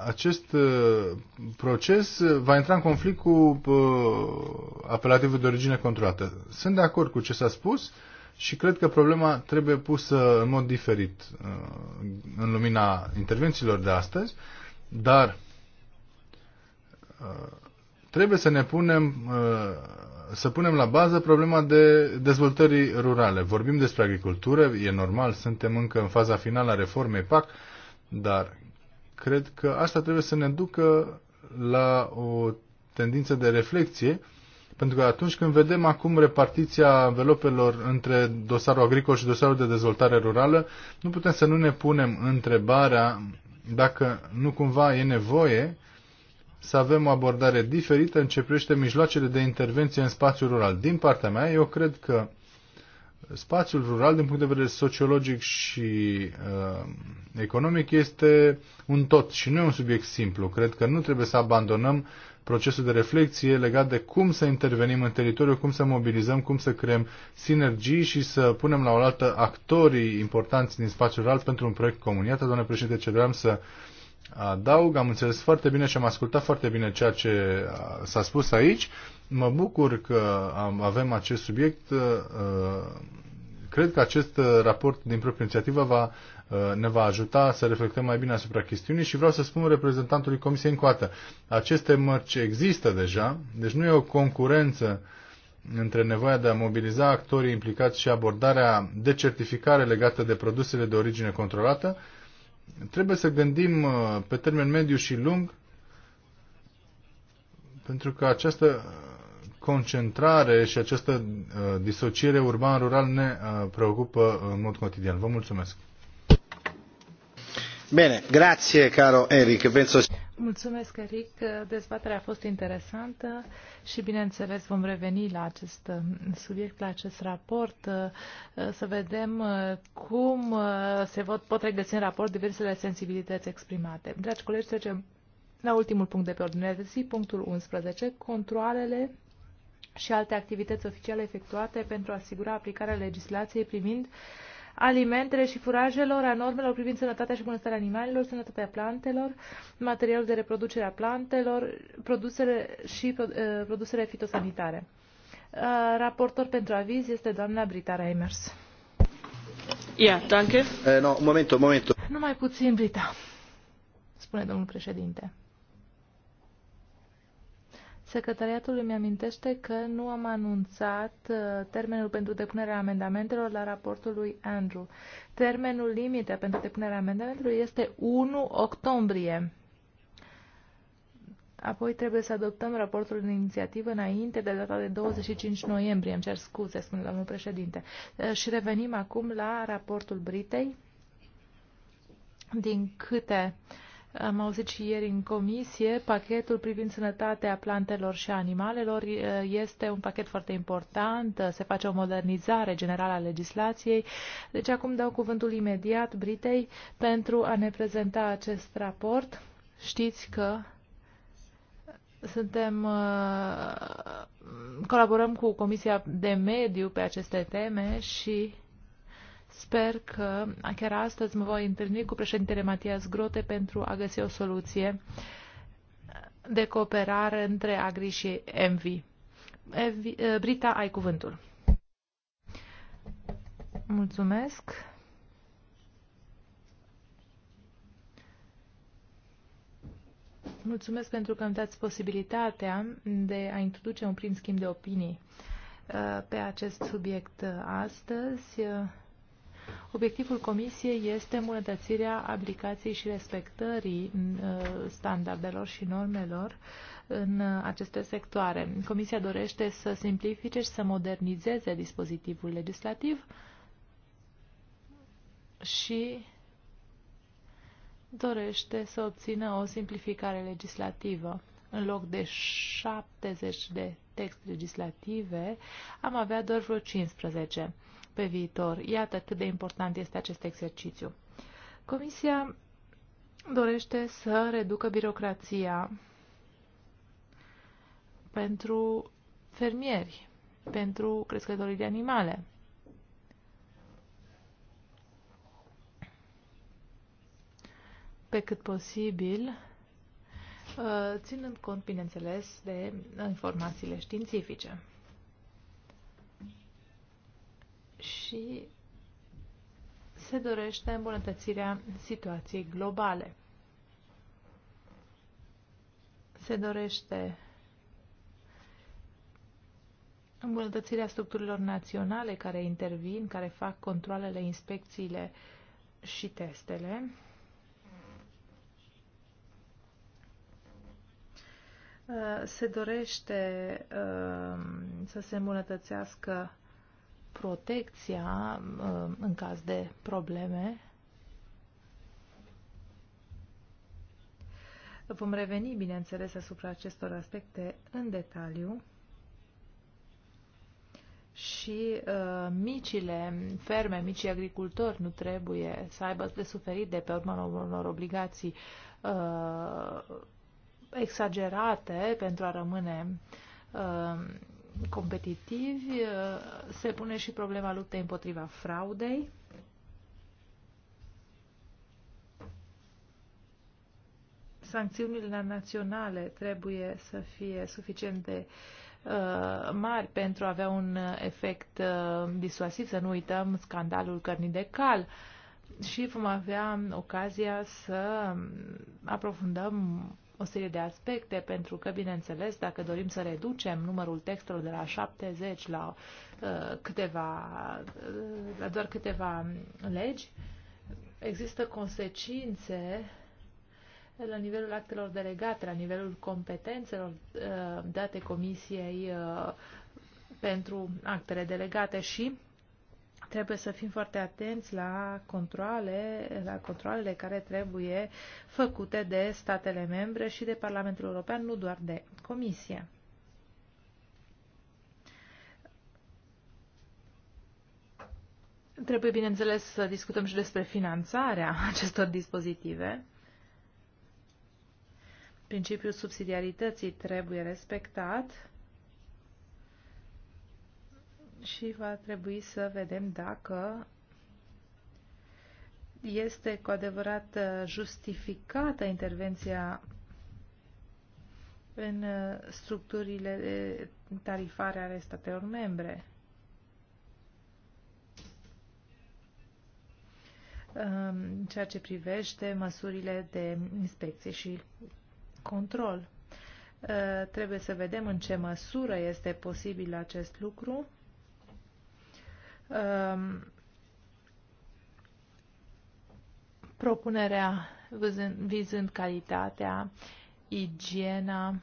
acest uh, proces uh, va intra în conflict cu uh, apelativul de origine controlată. Sunt de acord cu ce s-a spus și cred că problema trebuie pusă în mod diferit în lumina intervențiilor de astăzi, dar trebuie să ne punem să punem la bază problema de dezvoltării rurale. Vorbim despre agricultură, e normal, suntem încă în faza finală a reformei PAC, dar cred că asta trebuie să ne ducă la o tendință de reflexie, pentru că atunci când vedem acum repartiția învelopelor între dosarul agricol și dosarul de dezvoltare rurală, nu putem să nu ne punem întrebarea dacă nu cumva e nevoie să avem o abordare diferită în ce privește mijloacele de intervenție în spațiul rural. Din partea mea, eu cred că spațiul rural, din punct de vedere sociologic și uh, economic, este un tot și nu e un subiect simplu. Cred că nu trebuie să abandonăm procesul de reflexie legat de cum să intervenim în teritoriu, cum să mobilizăm, cum să creăm sinergii și să punem la oaltă actorii importanți din spațiul rural pentru un proiect comun. Iată, domnule președinte, ce vreau să adaug. Am înțeles foarte bine și am ascultat foarte bine ceea ce uh, s-a spus aici Mă bucur că am, avem acest subiect. Uh, cred că acest uh, raport din proprie inițiativă va, uh, ne va ajuta să reflectăm mai bine asupra chestiunii și vreau să spun reprezentantului Comisiei Încoată. Aceste mărci există deja, deci nu e o concurență între nevoia de a mobiliza actorii implicați și abordarea de certificare legată de produsele de origine controlată, trebuie să gândim pe termen mediu și lung, pentru că această concentrare și această uh, disociere urban-rural ne uh, preocupă uh, în mod cotidian. Vă mulțumesc! Bine, grație, caro Eric. Penso... Mulțumesc, Eric. Dezbaterea a fost interesantă și, bineînțeles, vom reveni la acest uh, subiect, la acest raport, uh, să vedem cum se pot, regăsi în raport diversele sensibilități exprimate. Dragi colegi, trecem la ultimul punct de pe ordine de zi, punctul 11, controlele și alte activități oficiale efectuate pentru a asigura aplicarea legislației privind alimentele și furajelor, a normelor privind sănătatea și bunăstarea animalelor, sănătatea plantelor, materialul de reproducere a plantelor, produsele și produsele fitosanitare. Raportor pentru aviz este doamna Brita Reimers. Yeah, danke. Uh, no, un momento, un momento. Numai puțin, Brita, spune domnul președinte. Secretariatul îmi amintește că nu am anunțat uh, termenul pentru depunerea amendamentelor la raportul lui Andrew. Termenul limite pentru depunerea amendamentelor este 1 octombrie. Apoi trebuie să adoptăm raportul de inițiativă înainte de data de 25 noiembrie. Îmi cer scuze, spune domnul președinte. Uh, și revenim acum la raportul Britei. Din câte uh, am auzit și ieri în comisie, pachetul privind sănătatea plantelor și animalelor este un pachet foarte important, se face o modernizare generală a legislației. Deci acum dau cuvântul imediat Britei pentru a ne prezenta acest raport. Știți că suntem, colaborăm cu Comisia de Mediu pe aceste teme și Sper că chiar astăzi mă voi întâlni cu președintele Matias Grote pentru a găsi o soluție de cooperare între Agri și MV. Eh, Brita, ai cuvântul. Mulțumesc. Mulțumesc pentru că îmi dați posibilitatea de a introduce un prim schimb de opinii eh, pe acest subiect eh, astăzi. Obiectivul Comisiei este îmbunătățirea aplicației și respectării uh, standardelor și normelor în uh, aceste sectoare. Comisia dorește să simplifice și să modernizeze dispozitivul legislativ și dorește să obțină o simplificare legislativă. În loc de 70 de texte legislative, am avea doar vreo 15 pe viitor. Iată cât de important este acest exercițiu. Comisia dorește să reducă birocrația pentru fermieri, pentru crescătorii de animale. Pe cât posibil, ă, ținând cont, bineînțeles, de informațiile științifice. și se dorește îmbunătățirea situației globale. Se dorește îmbunătățirea structurilor naționale care intervin, care fac controlele, inspecțiile și testele. Uh, se dorește uh, să se îmbunătățească protecția uh, în caz de probleme. Vom reveni, bineînțeles, asupra acestor aspecte în detaliu și uh, micile ferme, micii agricultori nu trebuie să aibă de suferit de pe urma unor obligații uh, exagerate pentru a rămâne uh, competitivi. Uh, se pune și problema luptei împotriva fraudei. Sancțiunile naționale trebuie să fie suficient de uh, mari pentru a avea un efect uh, disuasiv, să nu uităm scandalul cărnii de cal și vom avea ocazia să um, aprofundăm o serie de aspecte, pentru că, bineînțeles, dacă dorim să reducem numărul textelor de la 70 la uh, câteva, uh, la doar câteva legi, există consecințe la nivelul actelor delegate, la nivelul competențelor uh, date Comisiei uh, pentru actele delegate și Trebuie să fim foarte atenți la controle, la controlele care trebuie făcute de statele membre și de Parlamentul European, nu doar de Comisie. Trebuie, bineînțeles, să discutăm și despre finanțarea acestor dispozitive. Principiul subsidiarității trebuie respectat și va trebui să vedem dacă este cu adevărat uh, justificată intervenția în uh, structurile uh, tarifare ale statelor membre. Um, în ceea ce privește măsurile de inspecție și control. Trebuie să vedem în ce măsură este posibil acest lucru Um, propunerea vizând, vizând calitatea, igiena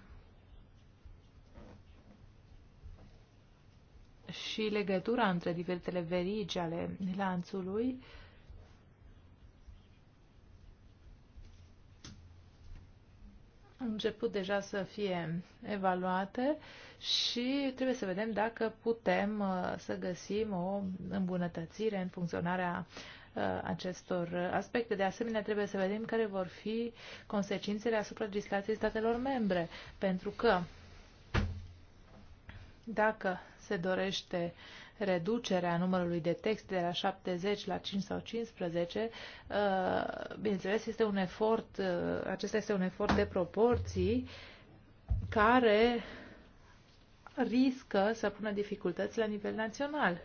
și legătura între diferitele verigi ale lanțului uh, început deja să fie evaluate și trebuie să vedem dacă putem uh, să găsim o îmbunătățire în funcționarea uh, acestor aspecte. De asemenea, trebuie să vedem care vor fi consecințele asupra legislației statelor membre, pentru că dacă se dorește reducerea numărului de texte de la 70 la 5 sau 15, uh, bineînțeles, este un efort, uh, acesta este un efort de proporții care riscă să pună dificultăți la nivel național.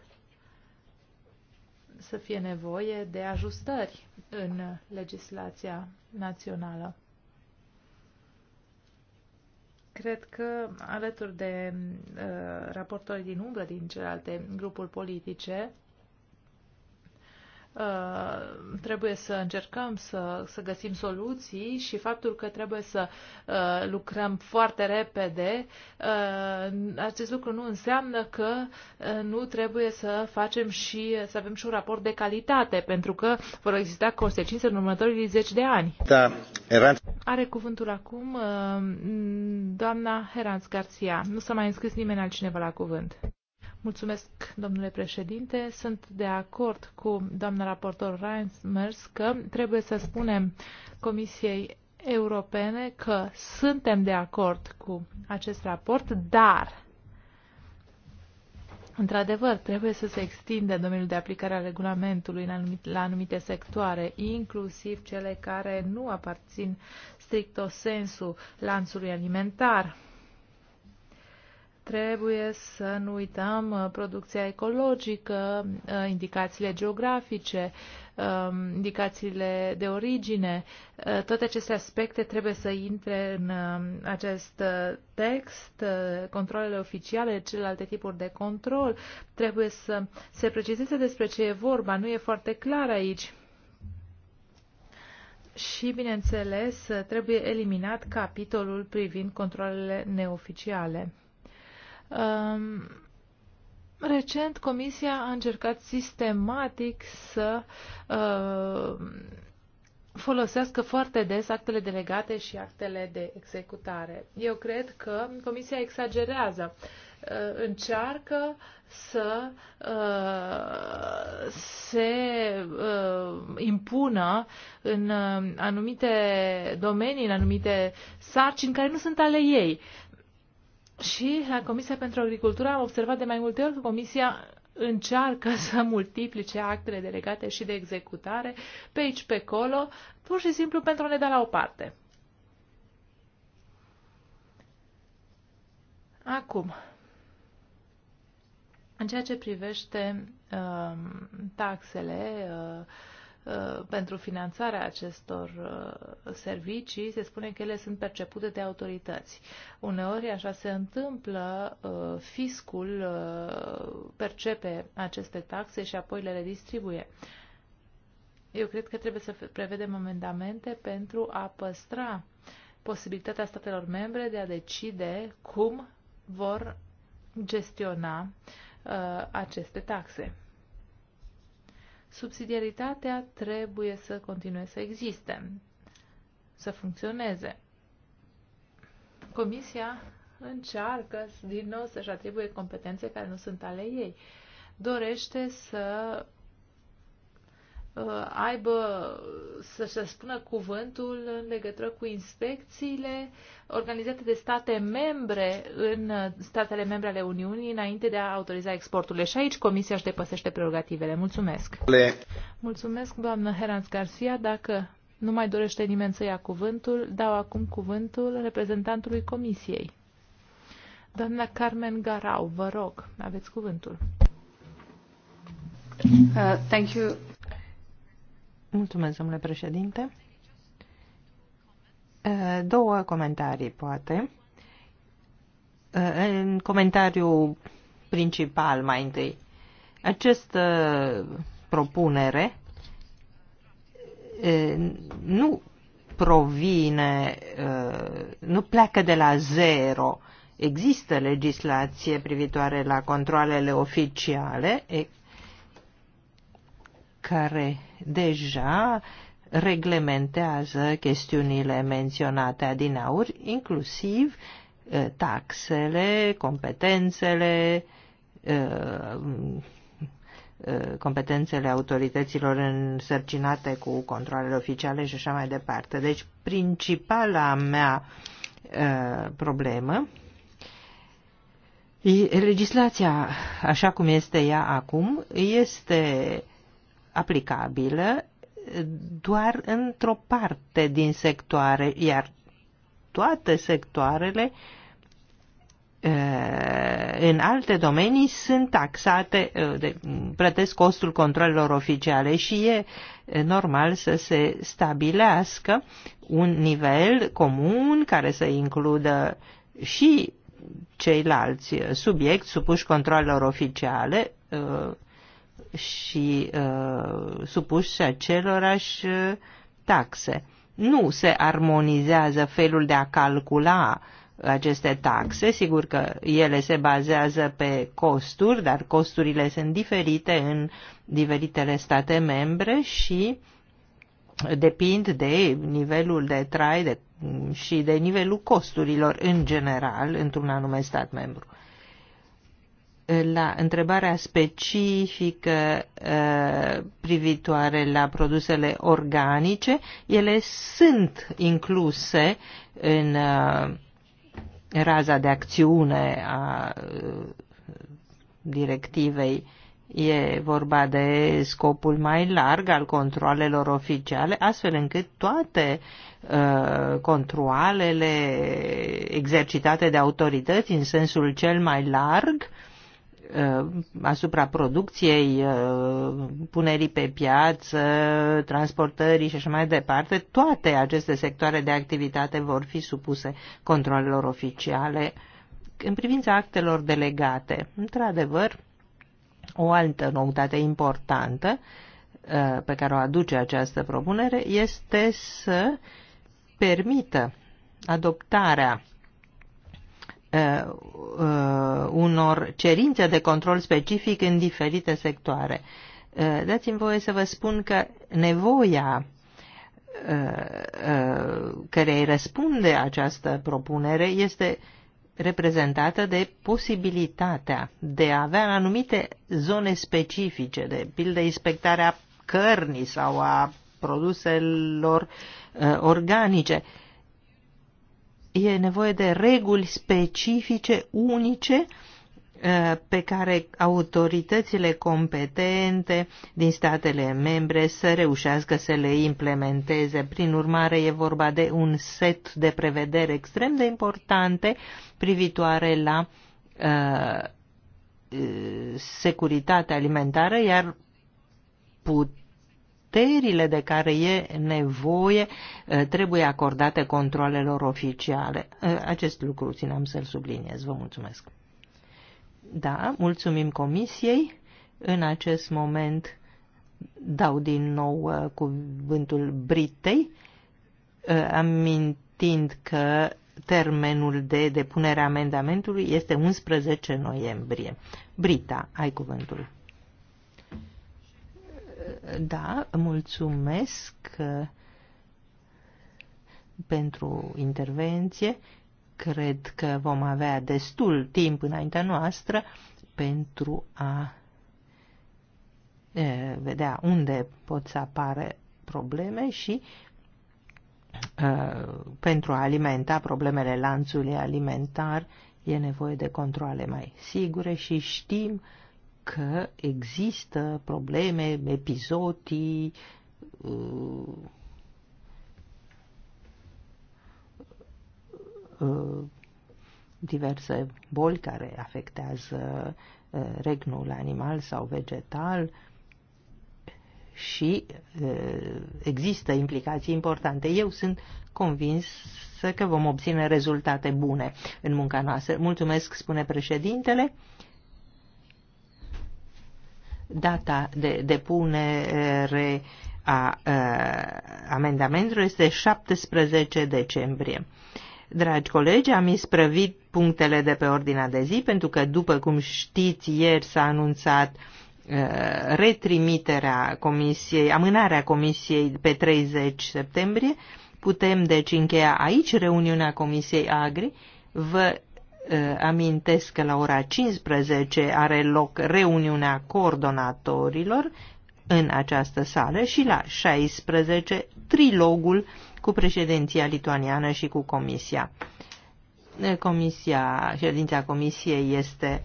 Să fie nevoie de ajustări în legislația națională. Cred că, alături de uh, raportorii din umbră din celelalte grupuri politice, Uh, trebuie să încercăm să, să găsim soluții și faptul că trebuie să uh, lucrăm foarte repede, uh, acest lucru nu înseamnă că uh, nu trebuie să facem și să avem și un raport de calitate, pentru că vor exista consecințe în următorii 10 de ani. Da, Heranț. Are cuvântul acum uh, doamna Heranz Garcia. Nu s-a mai înscris nimeni altcineva la cuvânt. Mulțumesc, domnule președinte. Sunt de acord cu doamna raportor Reinsmers că trebuie să spunem Comisiei Europene că suntem de acord cu acest raport, dar Într-adevăr, trebuie să se extinde domeniul de aplicare a regulamentului la anumite, la anumite sectoare, inclusiv cele care nu aparțin stricto sensu lanțului alimentar. Trebuie să nu uităm uh, producția ecologică, uh, indicațiile geografice, um, indicațiile de origine. Uh, toate aceste aspecte trebuie să intre în um, acest text, controlele oficiale, celelalte tipuri de control. Trebuie să se precizeze despre ce e vorba, nu e foarte clar aici. Și, bineînțeles, trebuie eliminat capitolul privind controlele neoficiale. Um, recent, Comisia a încercat sistematic să uh, folosească foarte des actele delegate și actele de executare. Eu cred că Comisia exagerează. Uh, încearcă să uh, se uh, impună în anumite domenii, în anumite sarcini care nu sunt ale ei. Și la Comisia pentru Agricultură am observat de mai multe ori că Comisia încearcă să multiplice actele delegate și de executare pe aici, pe acolo, pur și simplu pentru a ne da la o parte. Acum, în ceea ce privește uh, taxele, uh, Uh, pentru finanțarea acestor uh, servicii, se spune că ele sunt percepute de autorități. Uneori așa se întâmplă, uh, fiscul percepe aceste taxe și apoi le redistribuie. Eu cred că trebuie să prevedem amendamente pentru a păstra posibilitatea statelor membre de a decide cum vor gestiona uh, aceste taxe subsidiaritatea trebuie să continue să existe, să funcționeze. Comisia încearcă din nou să-și atribuie competențe care nu sunt ale ei. Dorește să Uh, aibă, să se spună cuvântul în legătură cu inspecțiile organizate de state membre în uh, statele membre ale Uniunii înainte de a autoriza exporturile. Și aici Comisia își depăsește prerogativele. Mulțumesc! Le. Mulțumesc, doamnă Herans Garcia. Dacă nu mai dorește nimeni să ia cuvântul, dau acum cuvântul reprezentantului Comisiei. Doamna Carmen Garau, vă rog, aveți cuvântul. Uh, thank you Mulțumesc, domnule președinte. Eh, două comentarii, poate. Eh, în comentariu principal, mai întâi. Această propunere eh, nu provine, nu pleacă de la zero. Există legislație privitoare la controlele oficiale, care deja reglementează chestiunile menționate adinauri, inclusiv uh, taxele, competențele, uh, uh, competențele autorităților însărcinate cu controlele oficiale și așa mai departe. Deci, principala mea problemă legislația, așa cum este ea acum, este aplicabilă doar într-o parte din sectoare, iar toate sectoarele în alte domenii sunt taxate, de, plătesc costul controlelor oficiale și e normal să se stabilească un nivel comun care să includă și ceilalți subiecti supuși controlelor oficiale, și uh, supuși acelorași uh, taxe. Nu se armonizează felul de a calcula aceste taxe, sigur că ele se bazează pe costuri, dar costurile sunt diferite în diferitele state membre și depind de nivelul de trai de, și de nivelul costurilor în general într-un anume stat membru la întrebarea specifică uh, privitoare la produsele organice, ele sunt incluse în uh, raza de acțiune a uh, directivei. E vorba de scopul mai larg al controalelor oficiale, astfel încât toate uh, exercitate de autorități în sensul cel mai larg uh, Uh, asupra producției, uh, punerii pe piață, transportării și așa mai departe, toate aceste sectoare de activitate vor fi supuse controlelor oficiale în privința actelor delegate. Într-adevăr, o altă noutate importantă uh, pe care o aduce această propunere este să permită adoptarea Uh, uh, unor cerințe de control specific în diferite sectoare. Uh, dați-mi voie să vă spun că nevoia care îi răspunde această propunere este reprezentată de posibilitatea de a avea anumite zone specifice, de pildă inspectarea cărnii sau a produselor uh, organice, e nevoie de reguli specifice, unice, eh, pe care autoritățile competente din statele membre să reușească să le implementeze. Prin urmare, e vorba de un set de prevederi extrem de importante privitoare la uh, securitatea alimentară, iar put puterile de care e nevoie uh, trebuie acordate controlelor oficiale. Uh, acest lucru țineam să-l subliniez. Vă mulțumesc. Da, mulțumim comisiei. În acest moment dau din nou uh, cuvântul Britei, amintind că termenul de depunere a amendamentului este 11 noiembrie. Brita, ai cuvântul. Da, mulțumesc uh, pentru intervenție. Cred că vom avea destul timp înaintea noastră pentru a uh, vedea unde pot să apare probleme și uh, pentru a alimenta problemele lanțului alimentar e nevoie de controle mai sigure și știm că există probleme, epizodii, uh, uh, diverse boli care afectează uh, regnul animal sau vegetal și există implicații importante. Eu sunt convins că vom obține rezultate bune în munca noastră. Mulțumesc, spune președintele. Data de depunere a amendamentului este 17 decembrie. Dragi colegi, am isprăvit punctele de pe ordinea de zi pentru că, după cum știți, ieri s-a anunțat retrimiterea comisiei, amânarea comisiei pe 30 septembrie. Putem deci încheia aici reuniunea comisiei AGRI. Vă amintesc că la ora 15 are loc reuniunea coordonatorilor în această sală și la 16 trilogul cu președinția lituaniană și cu Comisia. Comisia, ședința Comisiei este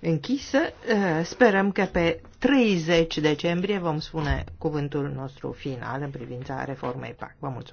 închisă. Sperăm că pe 30 decembrie vom spune cuvântul nostru final în privința reformei PAC. Vă mulțumesc!